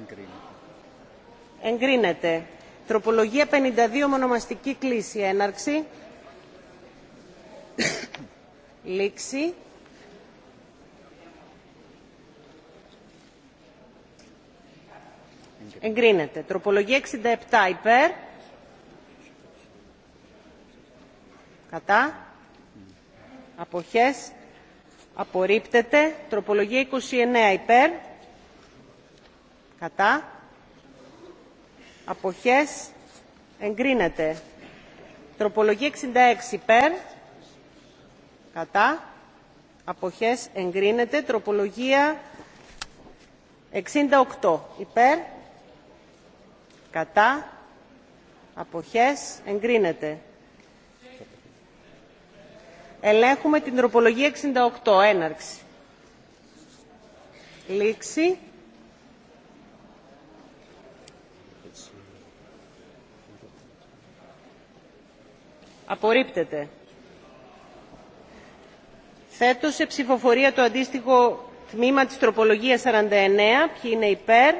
εγκρίνεται, εγκρίνεται. τροπολογία 52 μονομαστική κλίση έναρξη λήξη Εγκρίνεται. Τροπολογία 67 υπέρ. Κατά. Αποχές. Απορρίπτεται. Τροπολογία 29 υπέρ. Κατά. Αποχές. Εγκρίνεται. Τροπολογία 66 υπέρ. Κατά. Αποχές εγκρίνεται. Τροπολογία 68 υπέρ κατά αποχές εγκρίνεται ελέγχουμε την τροπολογία 68 έναρξη λήξη απορρίπτεται θέτω σε ψηφοφορία το αντίστοιχο τμήμα της τροπολογίας 49 ποιοι είναι υπέρ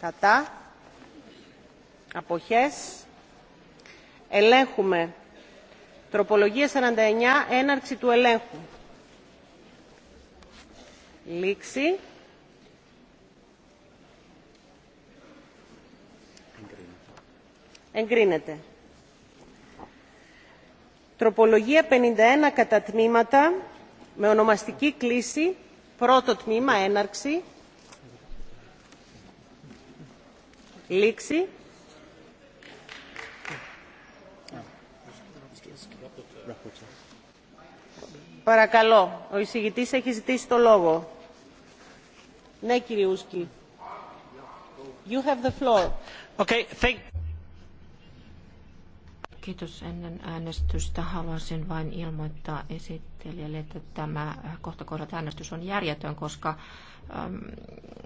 κατά αποχές ελέγχουμε τροπολογία 49 έναρξη του ελέγχου λήξη εγκρίνεται τροπολογία 51 κατά τμήματα με ονομαστική κλίση πρώτο τμήμα έναρξη λήξη. Παρακαλώ, ο εισηγητής έχει ζητήσει το λόγο. Ναι, κύριε Ούσκι. You have the floor. Okay, thank Kiitos ennen äänestystä. Haluaisin vain ilmoittaa esittelijälle, että tämä kohtakohdat äänestys on järjetön, koska äm,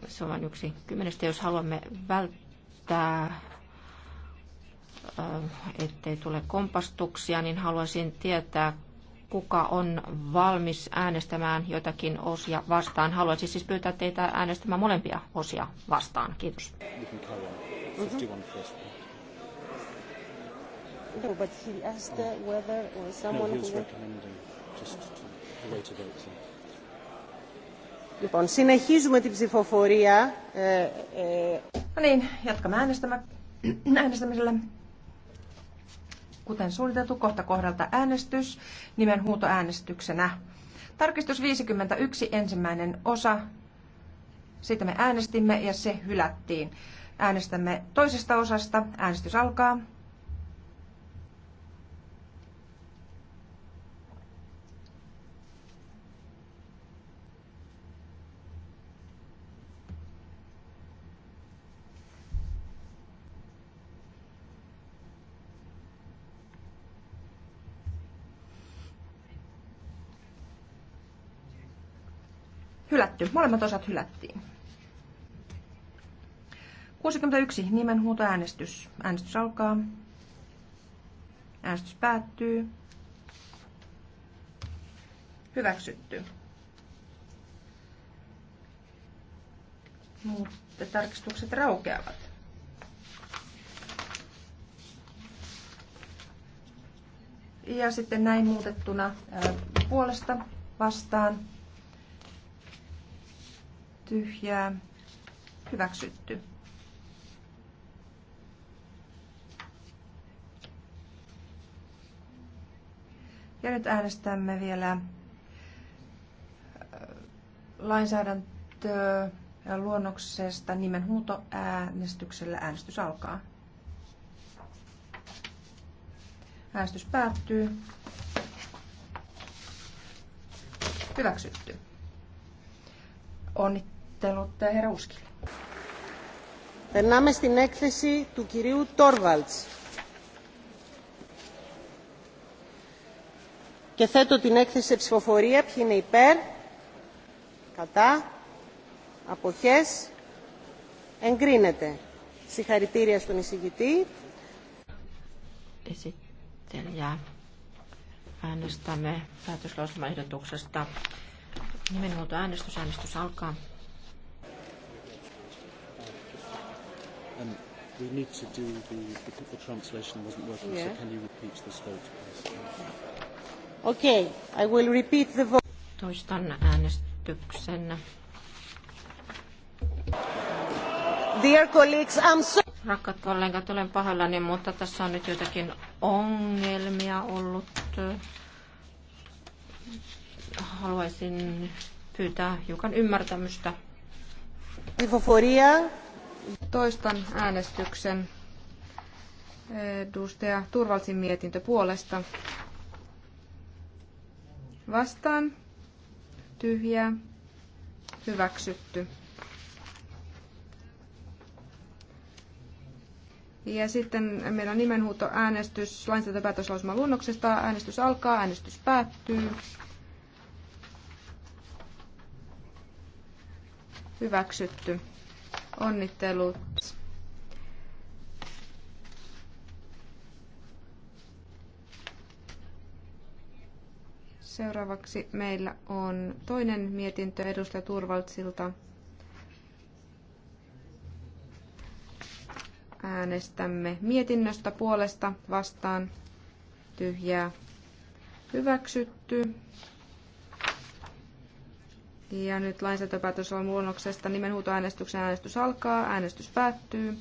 se on vain yksi kymmenestä. Jos haluamme välttää että ettei tule kompastuksia, niin haluaisin tietää, kuka on valmis äänestämään jotakin osia vastaan. Haluaisin siis pyytää teitä äänestämään molempia osia vastaan. Kiitos. Mhm. No, but he asked uh, whether someone uh, no, he was who... recommending just to wait a Λοιπόν, συνεχίζουμε την ψηφοφορία. Ε, ε... No niin, jatkamme äänestämisellä. Kuten suunniteltu, kohta kohdalta äänestys nimen huutoäänestyksenä. Tarkistus 51, ensimmäinen osa. Siitä me äänestimme ja se hylättiin. Äänestämme toisesta osasta. Äänestys alkaa. hylätty. Molemmat osat hylättiin. 61. Nimenhuutoäänestys. Äänestys alkaa. Äänestys päättyy. Hyväksytty. Mutta tarkistukset raukeavat. Ja sitten näin muutettuna puolesta vastaan tyhjää, hyväksytty. Ja nyt äänestämme vielä äh, ja luonnoksesta nimen äänestyksellä Äänestys alkaa. Äänestys päättyy. Hyväksytty. Onnittelut. Onnittelut herra Uskille. Περνάμε στην έκθεση του κυρίου Τόρβαλτς. Και θέτω την έκθεση σε ψηφοφορία. Ποιοι είναι υπέρ, κατά, αποχές, εγκρίνεται. Συγχαρητήρια στον εισηγητή. Esittelijää. Äänestämme päätöslausumaehdotuksesta. Nimenhuoltoäänestys. Äänestys alkaa. and um, we need to do the, the, the translation wasn't working, yeah. so can you repeat this vote, please? Okay, I will repeat the vote. Toistan äänestyksen. Dear colleagues, I'm so Rakkaat kollegat, olen pahoillani, mutta tässä on nyt jotakin ongelmia ollut. Haluaisin pyytää hiukan ymmärtämystä. Ivoforia. Toistan äänestyksen. Edustaja Turvalsin mietintö puolesta. Vastaan. Tyhjää. Hyväksytty. Ja sitten meillä on nimenhuuto äänestys lainsäädäntöpäätöslausuman luonnoksesta. Äänestys alkaa, äänestys päättyy. Hyväksytty. Onnittelut. Seuraavaksi meillä on toinen mietintö edustaja Turvaltsilta. Äänestämme mietinnöstä puolesta vastaan tyhjää hyväksytty. Ja nyt on luonnoksesta nimenhuutoäänestyksen äänestys alkaa, äänestys päättyy.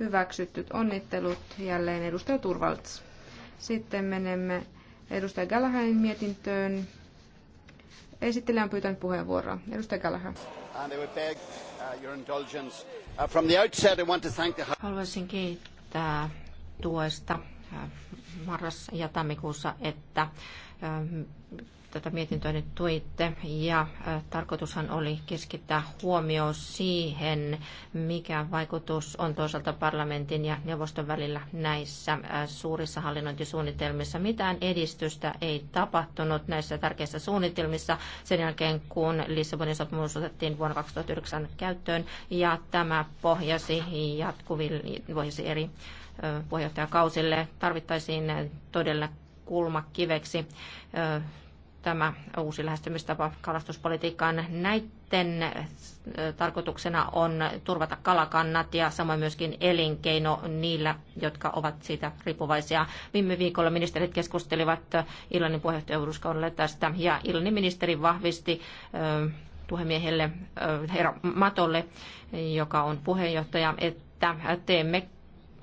Hyväksyttyt onnittelut jälleen edustaja Turvalts. Sitten menemme edustaja Gallagherin mietintöön. Esittelijä on pyytänyt puheenvuoroa. Edustaja Gallagher. Uh, uh, Haluaisin kiittää tuesta Äh, marras- ja tammikuussa, että äh, tätä mietintöä nyt tuitte. Ja äh, tarkoitushan oli keskittää huomio siihen, mikä vaikutus on toisaalta parlamentin ja neuvoston välillä näissä suurissa hallinnointisuunnitelmissa. Mitään edistystä ei tapahtunut näissä tärkeissä suunnitelmissa sen jälkeen, kun Lissabonin sopimus otettiin vuonna 2009 käyttöön. Ja tämä pohjasi jatkuville, eri puheenjohtajakausille tarvittaisiin todella kulmakiveksi tämä uusi lähestymistapa kalastuspolitiikkaan. Näiden tarkoituksena on turvata kalakannat ja samoin myöskin elinkeino niillä, jotka ovat siitä riippuvaisia. Viime viikolla ministerit keskustelivat Irlannin puheenjohtajuuskaudelle tästä ja Irlannin ministeri vahvisti puhemiehelle herra Matolle, joka on puheenjohtaja, että teemme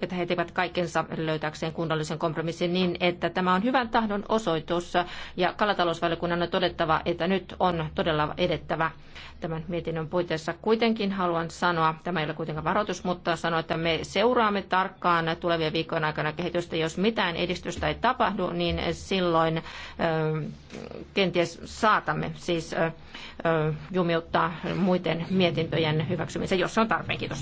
että he tekevät kaikkensa löytääkseen kunnollisen kompromissin niin, että tämä on hyvän tahdon osoitus ja kalatalousvaliokunnan on todettava, että nyt on todella edettävä tämän mietinnön puitteissa. Kuitenkin haluan sanoa, tämä ei ole kuitenkaan varoitus, mutta sanoa, että me seuraamme tarkkaan tulevien viikkojen aikana kehitystä. Jos mitään edistystä ei tapahdu, niin silloin kenties saatamme siis jumiuttaa muiden mietintöjen hyväksymisen, jos se on tarpeen. Kiitos.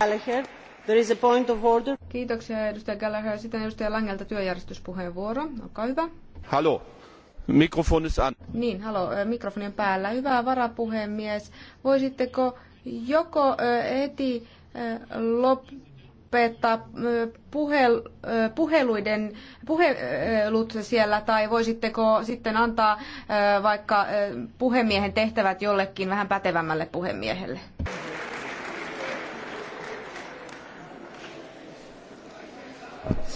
There is a point of order. Kiitoksia edustaja Gallagher. Sitten edustaja Langelta työjärjestyspuheenvuoro. Olkaa hyvä. Halo. mikrofoni is an. Niin, halo. Mikrofoni on päällä. Hyvä varapuhemies. Voisitteko joko eti lopettaa puhel, puheluiden, puhelut siellä tai voisitteko sitten antaa vaikka puhemiehen tehtävät jollekin vähän pätevämmälle puhemiehelle?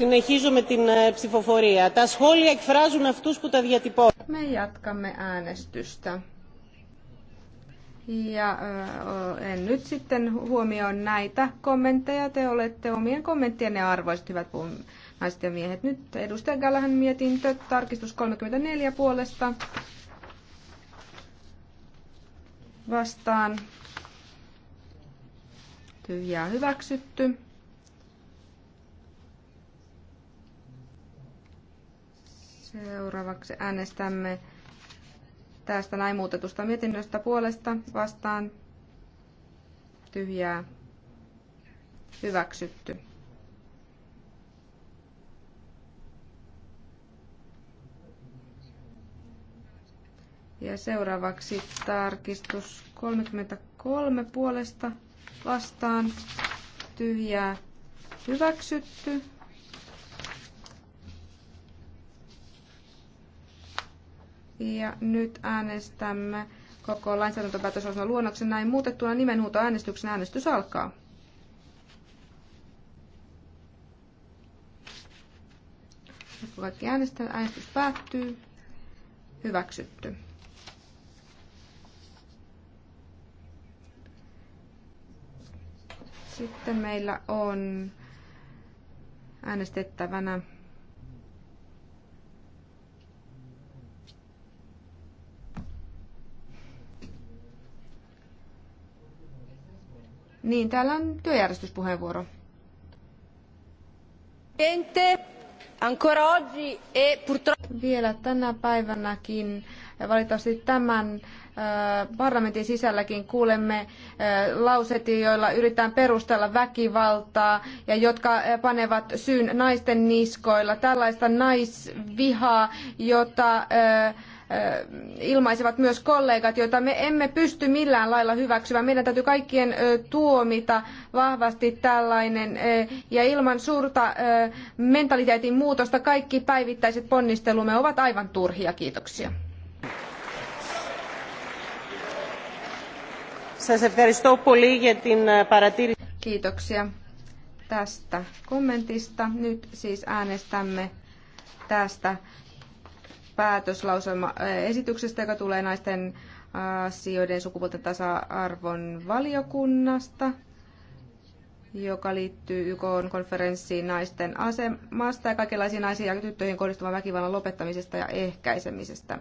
Συνεχίζουμε την ψηφοφορία. Τα σχόλια εκφράζουν αυτούς που τα διατυπώνουν. Me jatkamme äänestystä. Ja en nyt sitten huomioon näitä kommentteja. Te olette omien kommenttienne arvoiset, hyvät naiset ja miehet. Nyt edustaja Gallahan mietintö, tarkistus 34 puolesta. Vastaan. Tyhjää hyväksytty. Seuraavaksi äänestämme tästä näin muutetusta mietinnöstä puolesta vastaan tyhjää hyväksytty. Ja seuraavaksi tarkistus 33 puolesta vastaan tyhjää hyväksytty. Ja nyt äänestämme koko lainsäädäntöpäätösosan luonnoksen näin muutettuna nimenhuutoäänestyksen äänestys alkaa. Nyt kun kaikki äänestää, äänestys päättyy. Hyväksytty. Sitten meillä on äänestettävänä Niin, täällä on työjärjestyspuheenvuoro. Ancora oggi e purtroppo... Vielä tänä päivänäkin ja valitettavasti tämän parlamentin sisälläkin kuulemme lauseita, joilla yritetään perustella väkivaltaa ja jotka panevat syyn naisten niskoilla. Tällaista naisvihaa, jota ilmaisivat myös kollegat, joita me emme pysty millään lailla hyväksymään. Meidän täytyy kaikkien tuomita vahvasti tällainen ja ilman suurta mentaliteetin muutosta kaikki päivittäiset ponnistelumme ovat aivan turhia. Kiitoksia. Kiitoksia tästä kommentista. Nyt siis äänestämme tästä päätöslauselma äh, esityksestä, joka tulee naisten äh, asioiden sukupuolten tasa-arvon valiokunnasta, joka liittyy YK-konferenssiin naisten asemasta ja kaikenlaisiin naisiin ja tyttöihin kohdistuvan väkivallan lopettamisesta ja ehkäisemisestä.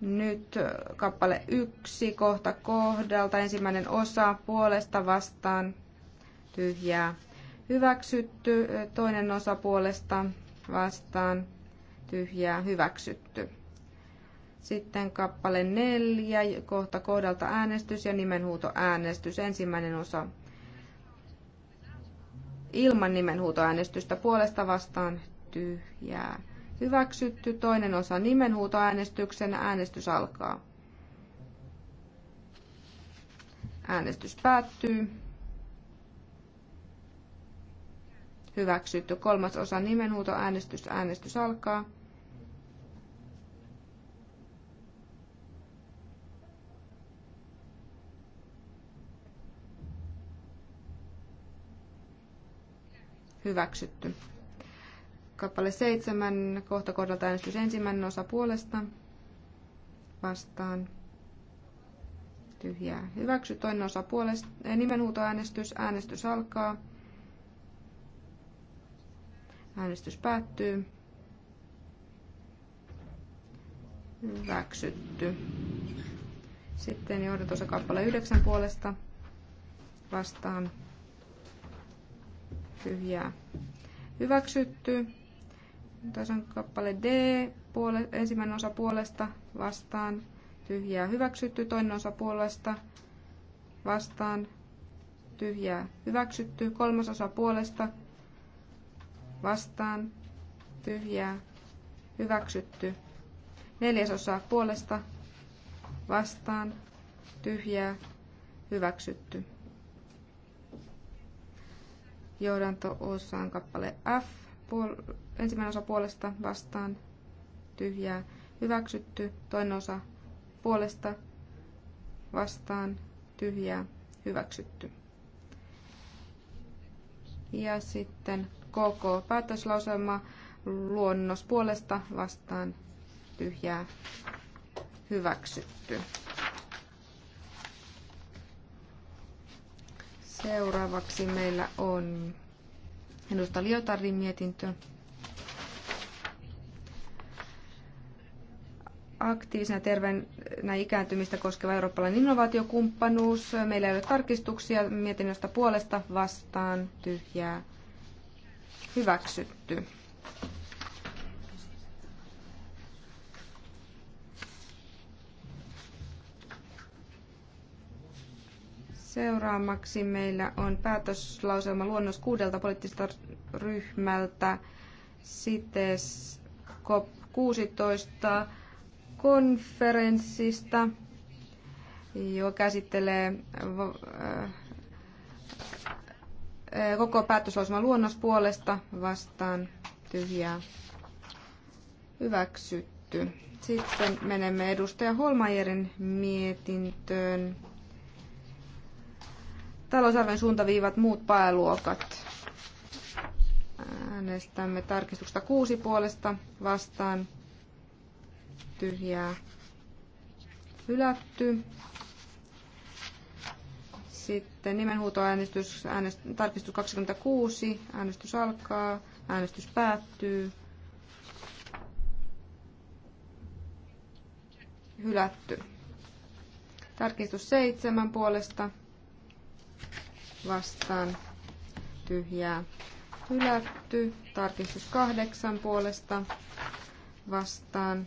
Nyt äh, kappale yksi kohta kohdalta, ensimmäinen osa puolesta vastaan, tyhjää, hyväksytty, toinen osa puolesta vastaan, tyhjää hyväksytty. Sitten kappale neljä, kohta kohdalta äänestys ja nimenhuuto äänestys. Ensimmäinen osa ilman nimenhuutoäänestystä puolesta vastaan tyhjää. Hyväksytty toinen osa nimenhuutoäänestyksen. Äänestys alkaa. Äänestys päättyy. Hyväksytty kolmas osa nimenhuutoäänestys. Äänestys alkaa. hyväksytty. Kappale 7, kohta kohdalta äänestys ensimmäinen osa puolesta, vastaan, tyhjää, hyväksy toinen osa puolesta, eh, nimenhuutoäänestys, äänestys alkaa, äänestys päättyy, hyväksytty. Sitten osa kappale 9 puolesta, vastaan, tyhjää hyväksytty. on kappale D, puole, ensimmäinen osa puolesta vastaan tyhjää hyväksytty, toinen osa puolesta vastaan tyhjää hyväksytty, kolmas osa puolesta vastaan tyhjää hyväksytty, neljäs osa puolesta vastaan tyhjää hyväksytty johdanto-osaan kappale F, puol- ensimmäinen osa puolesta vastaan tyhjää hyväksytty, toinen osa puolesta vastaan tyhjää hyväksytty. Ja sitten KK päätöslauselma luonnos puolesta vastaan tyhjää hyväksytty. Seuraavaksi meillä on edustaja Liotardin mietintö. aktiivisena terveenä ikääntymistä koskeva eurooppalainen innovaatiokumppanuus. Meillä ei ole tarkistuksia mietinnöstä puolesta vastaan tyhjää hyväksytty. Seuraavaksi meillä on päätöslauselma luonnos kuudelta poliittiselta ryhmältä CITES COP16 konferenssista, joka käsittelee äh, koko päätöslauselman luonnos puolesta vastaan tyhjää hyväksytty. Sitten menemme edustaja Holmajerin mietintöön talousarven suuntaviivat muut pääluokat. Äänestämme tarkistusta kuusi puolesta vastaan tyhjää hylätty. Sitten nimenhuutoäänestys, äänest, tarkistus 26, äänestys alkaa, äänestys päättyy. Hylätty. Tarkistus 7 puolesta vastaan tyhjää hylätty. Tarkistus kahdeksan puolesta vastaan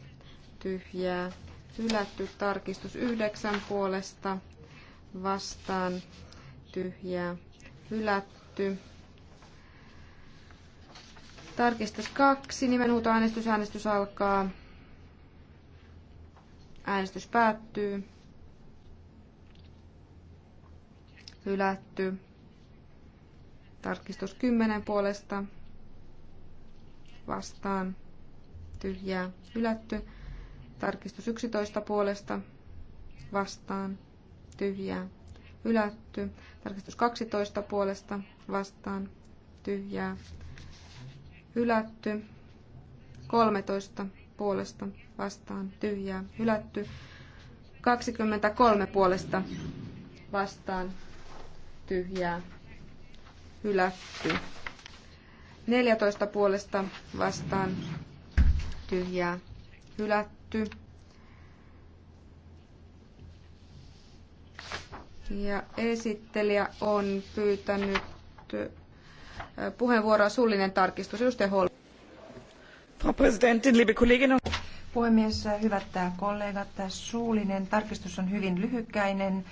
tyhjää hylätty. Tarkistus yhdeksän puolesta vastaan tyhjää hylätty. Tarkistus kaksi, äänestys äänestys alkaa. Äänestys päättyy. hylätty. Tarkistus 10 puolesta vastaan tyhjää hylätty. Tarkistus 11 puolesta vastaan tyhjää hylätty. Tarkistus 12 puolesta vastaan tyhjää hylätty. 13 puolesta vastaan tyhjää hylätty. 23 puolesta vastaan tyhjää hylätty. 14 puolesta vastaan tyhjää hylätty. Ja esittelijä on pyytänyt äh, puheenvuoroa suullinen tarkistus. Edustaja Hol. Frau liebe Kolleginnen Puhemies, hyvät äh, kollegat, äh, suullinen tarkistus on hyvin lyhykäinen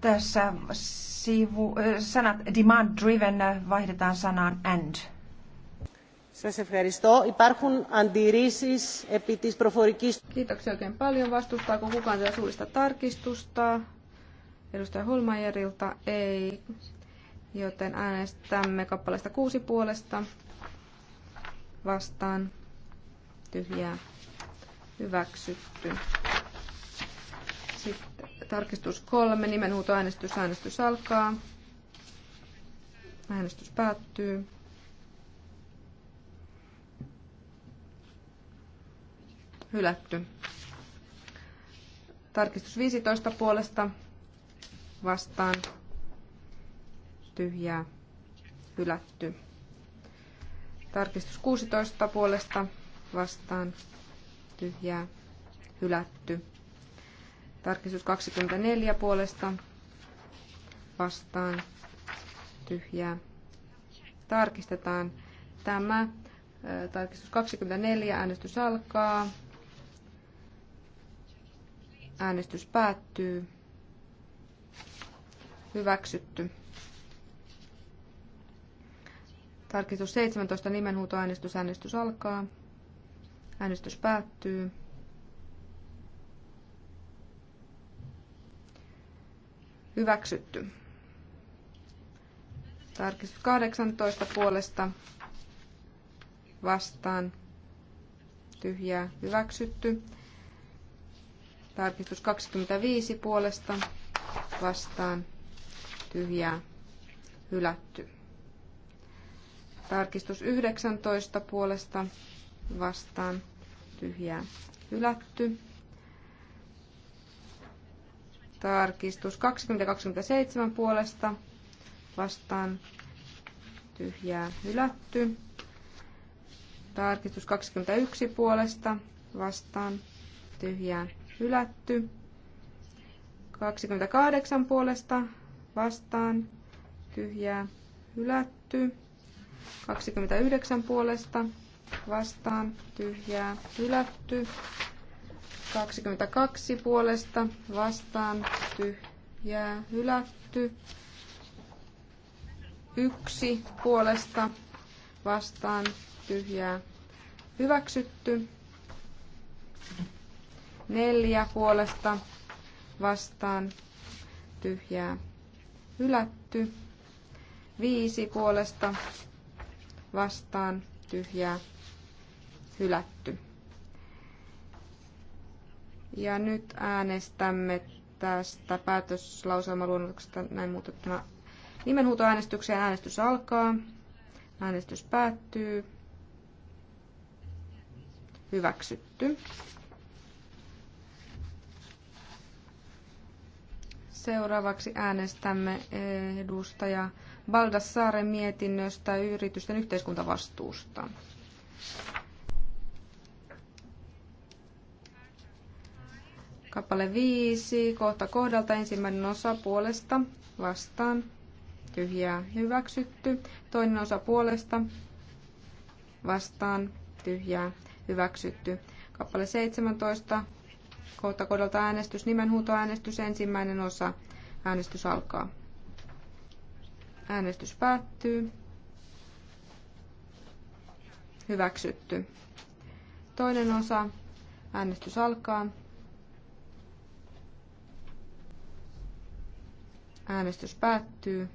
tässä sivu, sanat demand driven vaihdetaan sanaan and. Σας ευχαριστώ. Υπάρχουν αντιρρήσεις επί της προφορικής... Kiitoksia oikein paljon. Vastustaako kukaan tätä suullista tarkistusta? Edustaja Holmajerilta ei. Joten äänestämme kappaleesta kuusi puolesta vastaan tyhjää hyväksytty. Tarkistus kolme, äänestys, äänestys alkaa. Äänestys päättyy. Hylätty. Tarkistus 15 puolesta vastaan. Tyhjää. Hylätty. Tarkistus 16 puolesta vastaan. Tyhjää. Hylätty. Tarkistus 24 puolesta vastaan tyhjää. Tarkistetaan tämä. Tarkistus 24, äänestys alkaa. Äänestys päättyy. Hyväksytty. Tarkistus 17, nimenhuutoäänestys, äänestys alkaa. Äänestys päättyy. Hyväksytty. Tarkistus 18 puolesta vastaan. Tyhjää. Hyväksytty. Tarkistus 25 puolesta vastaan. Tyhjää. Hylätty. Tarkistus 19 puolesta vastaan. Tyhjää. Hylätty. Tarkistus 2027 puolesta vastaan tyhjää hylätty. Tarkistus 21 puolesta vastaan tyhjää hylätty. 28 puolesta vastaan tyhjää hylätty. 29 puolesta vastaan tyhjää hylätty. 22 puolesta vastaan tyhjää hylätty. Yksi puolesta vastaan tyhjää hyväksytty. Neljä puolesta vastaan tyhjää hylätty. Viisi puolesta vastaan tyhjää hylätty. Ja nyt äänestämme tästä päätöslauselmaluonnoksesta näin muutettuna nimenhuutoäänestykseen. Äänestys alkaa. Äänestys päättyy. Hyväksytty. Seuraavaksi äänestämme edustaja Baldassaaren mietinnöstä yritysten yhteiskuntavastuusta. Kappale 5, kohta kohdalta ensimmäinen osa puolesta vastaan. Tyhjää hyväksytty. Toinen osa puolesta vastaan. Tyhjää hyväksytty. Kappale 17, kohta kohdalta äänestys, nimenhuutoäänestys, ensimmäinen osa. Äänestys alkaa. Äänestys päättyy. Hyväksytty. Toinen osa. Äänestys alkaa. Äänestys päättyy.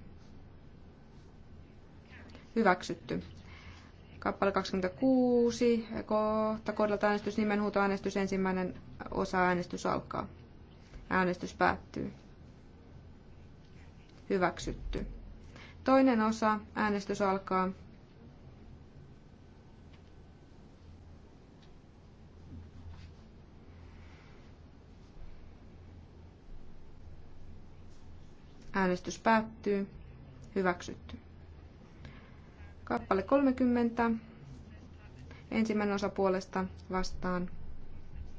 Hyväksytty. Kappale 26, kohta kohdalta äänestys, nimenhuutoäänestys, ensimmäinen osa äänestys alkaa. Äänestys päättyy. Hyväksytty. Toinen osa, äänestys alkaa. Äänestys päättyy. Hyväksytty. Kappale 30. Ensimmäinen osa puolesta vastaan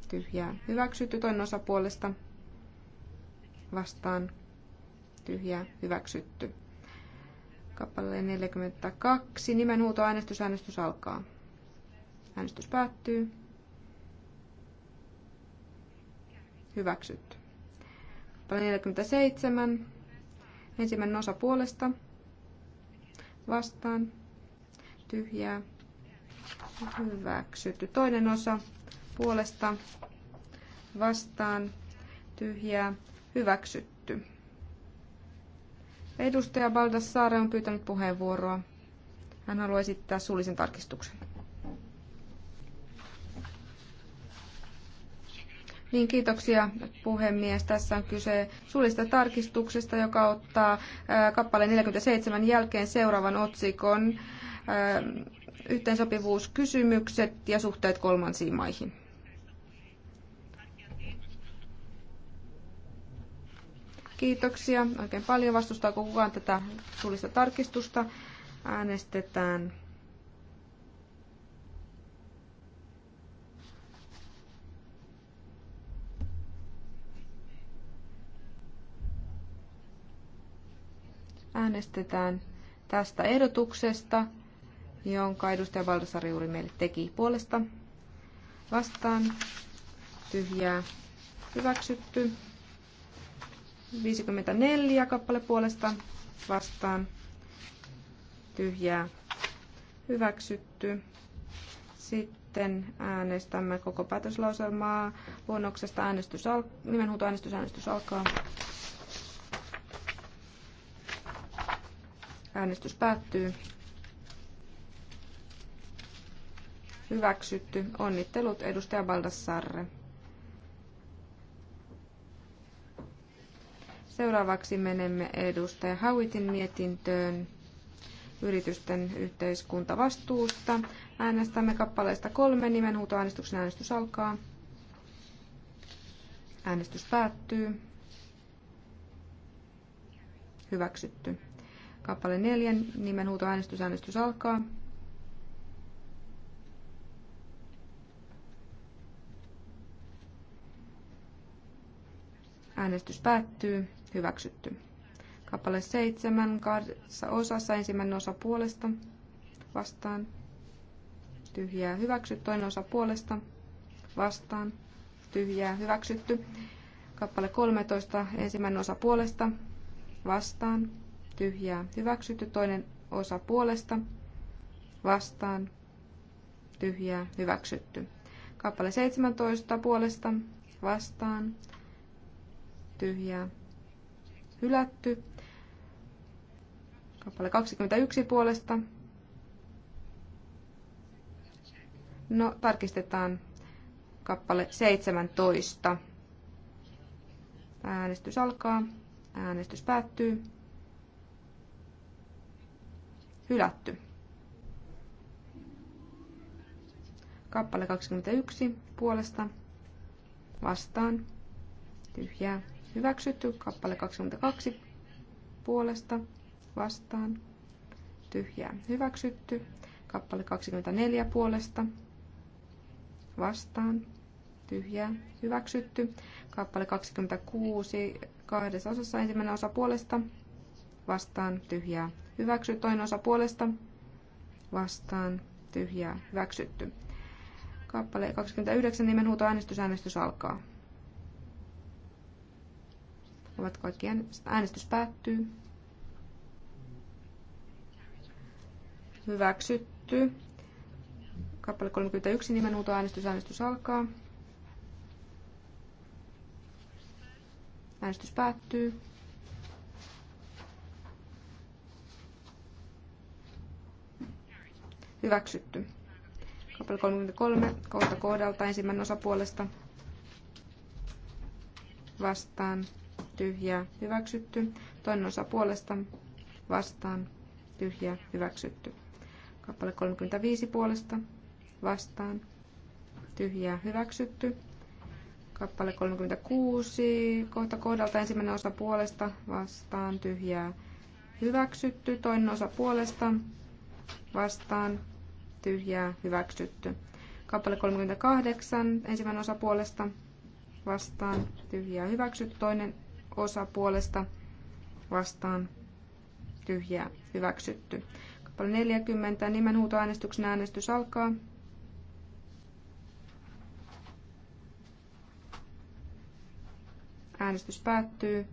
tyhjää. Hyväksytty. Toinen osa puolesta vastaan tyhjää. Hyväksytty. Kappale 42. Nimenhuuto äänestys. Äänestys alkaa. Äänestys päättyy. Hyväksytty. Kappale 47. Ensimmäinen osa puolesta vastaan tyhjää hyväksytty. Toinen osa puolesta vastaan tyhjää hyväksytty. Edustaja Baldassare on pyytänyt puheenvuoroa. Hän haluaa esittää suullisen tarkistuksen. Niin, kiitoksia puhemies. Tässä on kyse suullisesta tarkistuksesta, joka ottaa kappaleen 47 jälkeen seuraavan otsikon yhteensopivuuskysymykset ja suhteet kolmansiin maihin. Kiitoksia oikein paljon. Vastustaako kukaan tätä suullista tarkistusta? Äänestetään äänestetään tästä ehdotuksesta, jonka edustaja Valdasari juuri meille teki puolesta. Vastaan tyhjää hyväksytty. 54 kappale puolesta vastaan tyhjää hyväksytty. Sitten äänestämme koko päätöslauselmaa. Luonnoksesta äänestys al- äänestys, äänestys alkaa. Äänestys päättyy. Hyväksytty. Onnittelut edustaja Baldassarre. Seuraavaksi menemme edustaja Hauitin mietintöön yritysten yhteiskuntavastuusta. Äänestämme kappaleesta kolme. Nimenhuutoäänestyksen äänestys alkaa. Äänestys päättyy. Hyväksytty. Kappale 4, nimenhuutoäänestys, äänestys alkaa. Äänestys päättyy. Hyväksytty. Kappale 7, kahdessa osassa, ensimmäinen osa puolesta, vastaan, tyhjää, hyväksytty, toinen osa puolesta, vastaan, tyhjää, hyväksytty. Kappale 13, ensimmäinen osa puolesta, vastaan, tyhjää hyväksytty, toinen osa puolesta vastaan tyhjää hyväksytty. Kappale 17 puolesta vastaan tyhjää hylätty. Kappale 21 puolesta. No, tarkistetaan kappale 17. Äänestys alkaa. Äänestys päättyy. Hylätty. Kappale 21 puolesta vastaan. Tyhjää. Hyväksytty. Kappale 22 puolesta vastaan. Tyhjää. Hyväksytty. Kappale 24 puolesta vastaan. Tyhjää. Hyväksytty. Kappale 26 kahdessa osassa ensimmäinen osa puolesta vastaan. Tyhjää hyväksy toinen osa puolesta vastaan tyhjää hyväksytty. Kappale 29 nimenhuuto äänestys, äänestys alkaa. Ovat kaikki äänestys, äänestys päättyy. Hyväksytty. Kappale 31 nimenhuuto äänestys, äänestys alkaa. Äänestys päättyy. Hyväksytty. Kappale 33, kohta kohdalta ensimmäinen osa puolesta. Vastaan. tyhjä Hyväksytty. Toinen osa puolesta. Vastaan. tyhjä Hyväksytty. Kappale 35 puolesta. Vastaan. Tyhjää. Hyväksytty kappale 36, kohta kohdalta ensimmäinen osa puolesta, vastaan tyhjää, hyväksytty, toinen osa puolesta, vastaan tyhjää, hyväksytty. Kappale 38, ensimmäinen osa puolesta, vastaan, tyhjää, hyväksytty. Toinen osa puolesta, vastaan, tyhjää, hyväksytty. Kappale 40, nimenhuutoäänestyksen äänestys alkaa. Äänestys päättyy.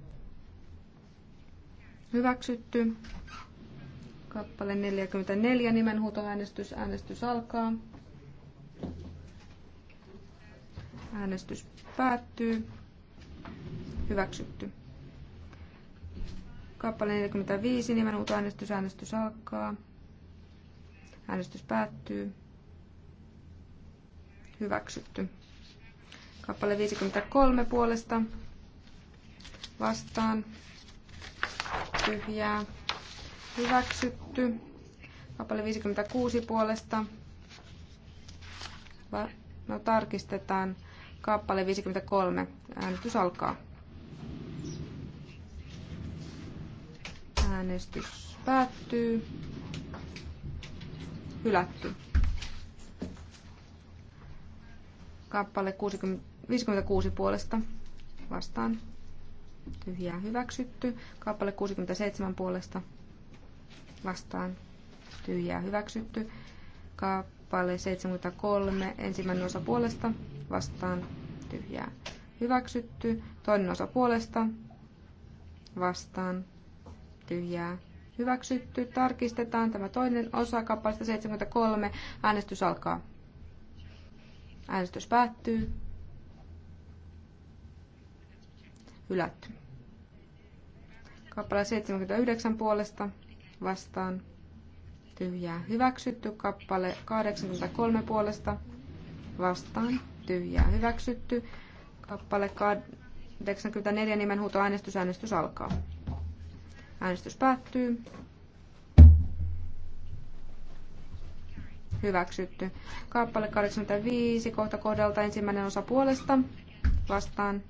Hyväksytty. Kappale 44 nimenhuutoäänestys. Äänestys alkaa. Äänestys päättyy. Hyväksytty. Kappale 45 nimenhuutoäänestys. Äänestys alkaa. Äänestys päättyy. Hyväksytty. Kappale 53 puolesta. Vastaan. Tyhjää hyväksytty. Kappale 56 puolesta. No tarkistetaan. Kappale 53. Äänestys alkaa. Äänestys päättyy. Hylätty. Kappale 60, 56 puolesta. Vastaan. Tyhjää hyväksytty. Kappale 67 puolesta vastaan tyhjää hyväksytty. Kappale 73, ensimmäinen osa puolesta vastaan tyhjää hyväksytty. Toinen osa puolesta vastaan tyhjää hyväksytty. Tarkistetaan tämä toinen osa kappaleesta 73. Äänestys alkaa. Äänestys päättyy. Hylätty. Kappale 79 puolesta vastaan tyhjää hyväksytty. Kappale 83 puolesta vastaan tyhjää hyväksytty. Kappale nimen huuto äänestys. Äänestys alkaa. Äänestys päättyy. Hyväksytty. Kappale 85 kohta kohdalta ensimmäinen osa puolesta vastaan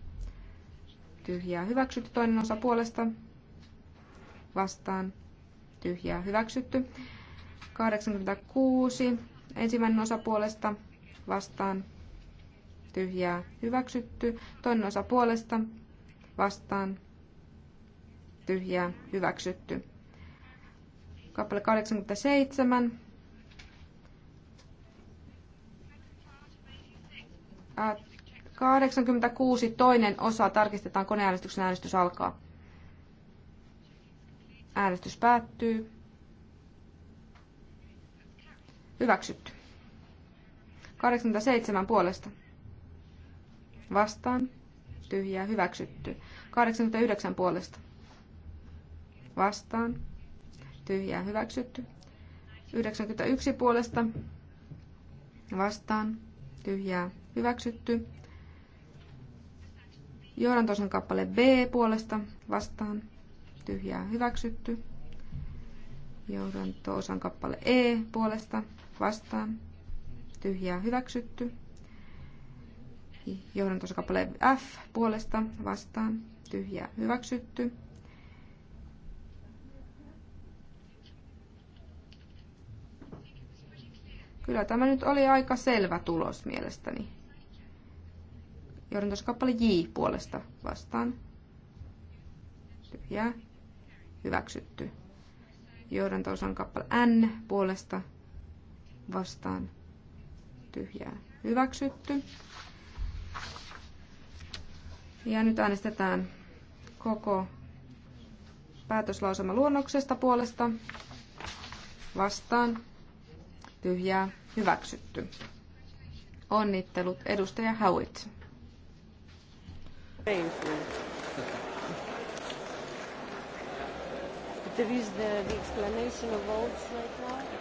tyhjää hyväksytty. Toinen osa puolesta vastaan tyhjää hyväksytty. 86 ensimmäinen osa puolesta vastaan tyhjää hyväksytty. Toinen osa puolesta vastaan tyhjää hyväksytty. Kappale 87. Ä, 86 toinen osa tarkistetaan koneäänestyksen äänestys alkaa. Äänestys päättyy. Hyväksytty. 87 puolesta. Vastaan. Tyhjää. Hyväksytty. 89 puolesta. Vastaan. Tyhjää. Hyväksytty. 91 puolesta. Vastaan. Tyhjää. Hyväksytty. Johdantosan kappale B puolesta. Vastaan tyhjää hyväksytty. Johdanto-osan kappale E puolesta vastaan tyhjää hyväksytty. Johdanto-osan kappale F puolesta vastaan tyhjää hyväksytty. Kyllä tämä nyt oli aika selvä tulos mielestäni. kappale J puolesta vastaan. Tyhjää hyväksytty. Johdantosan kappale N puolesta vastaan tyhjää hyväksytty. Ja nyt äänestetään koko päätöslausema luonnoksesta puolesta vastaan tyhjää hyväksytty. Onnittelut edustaja Howitt. there is the, the explanation of votes right now.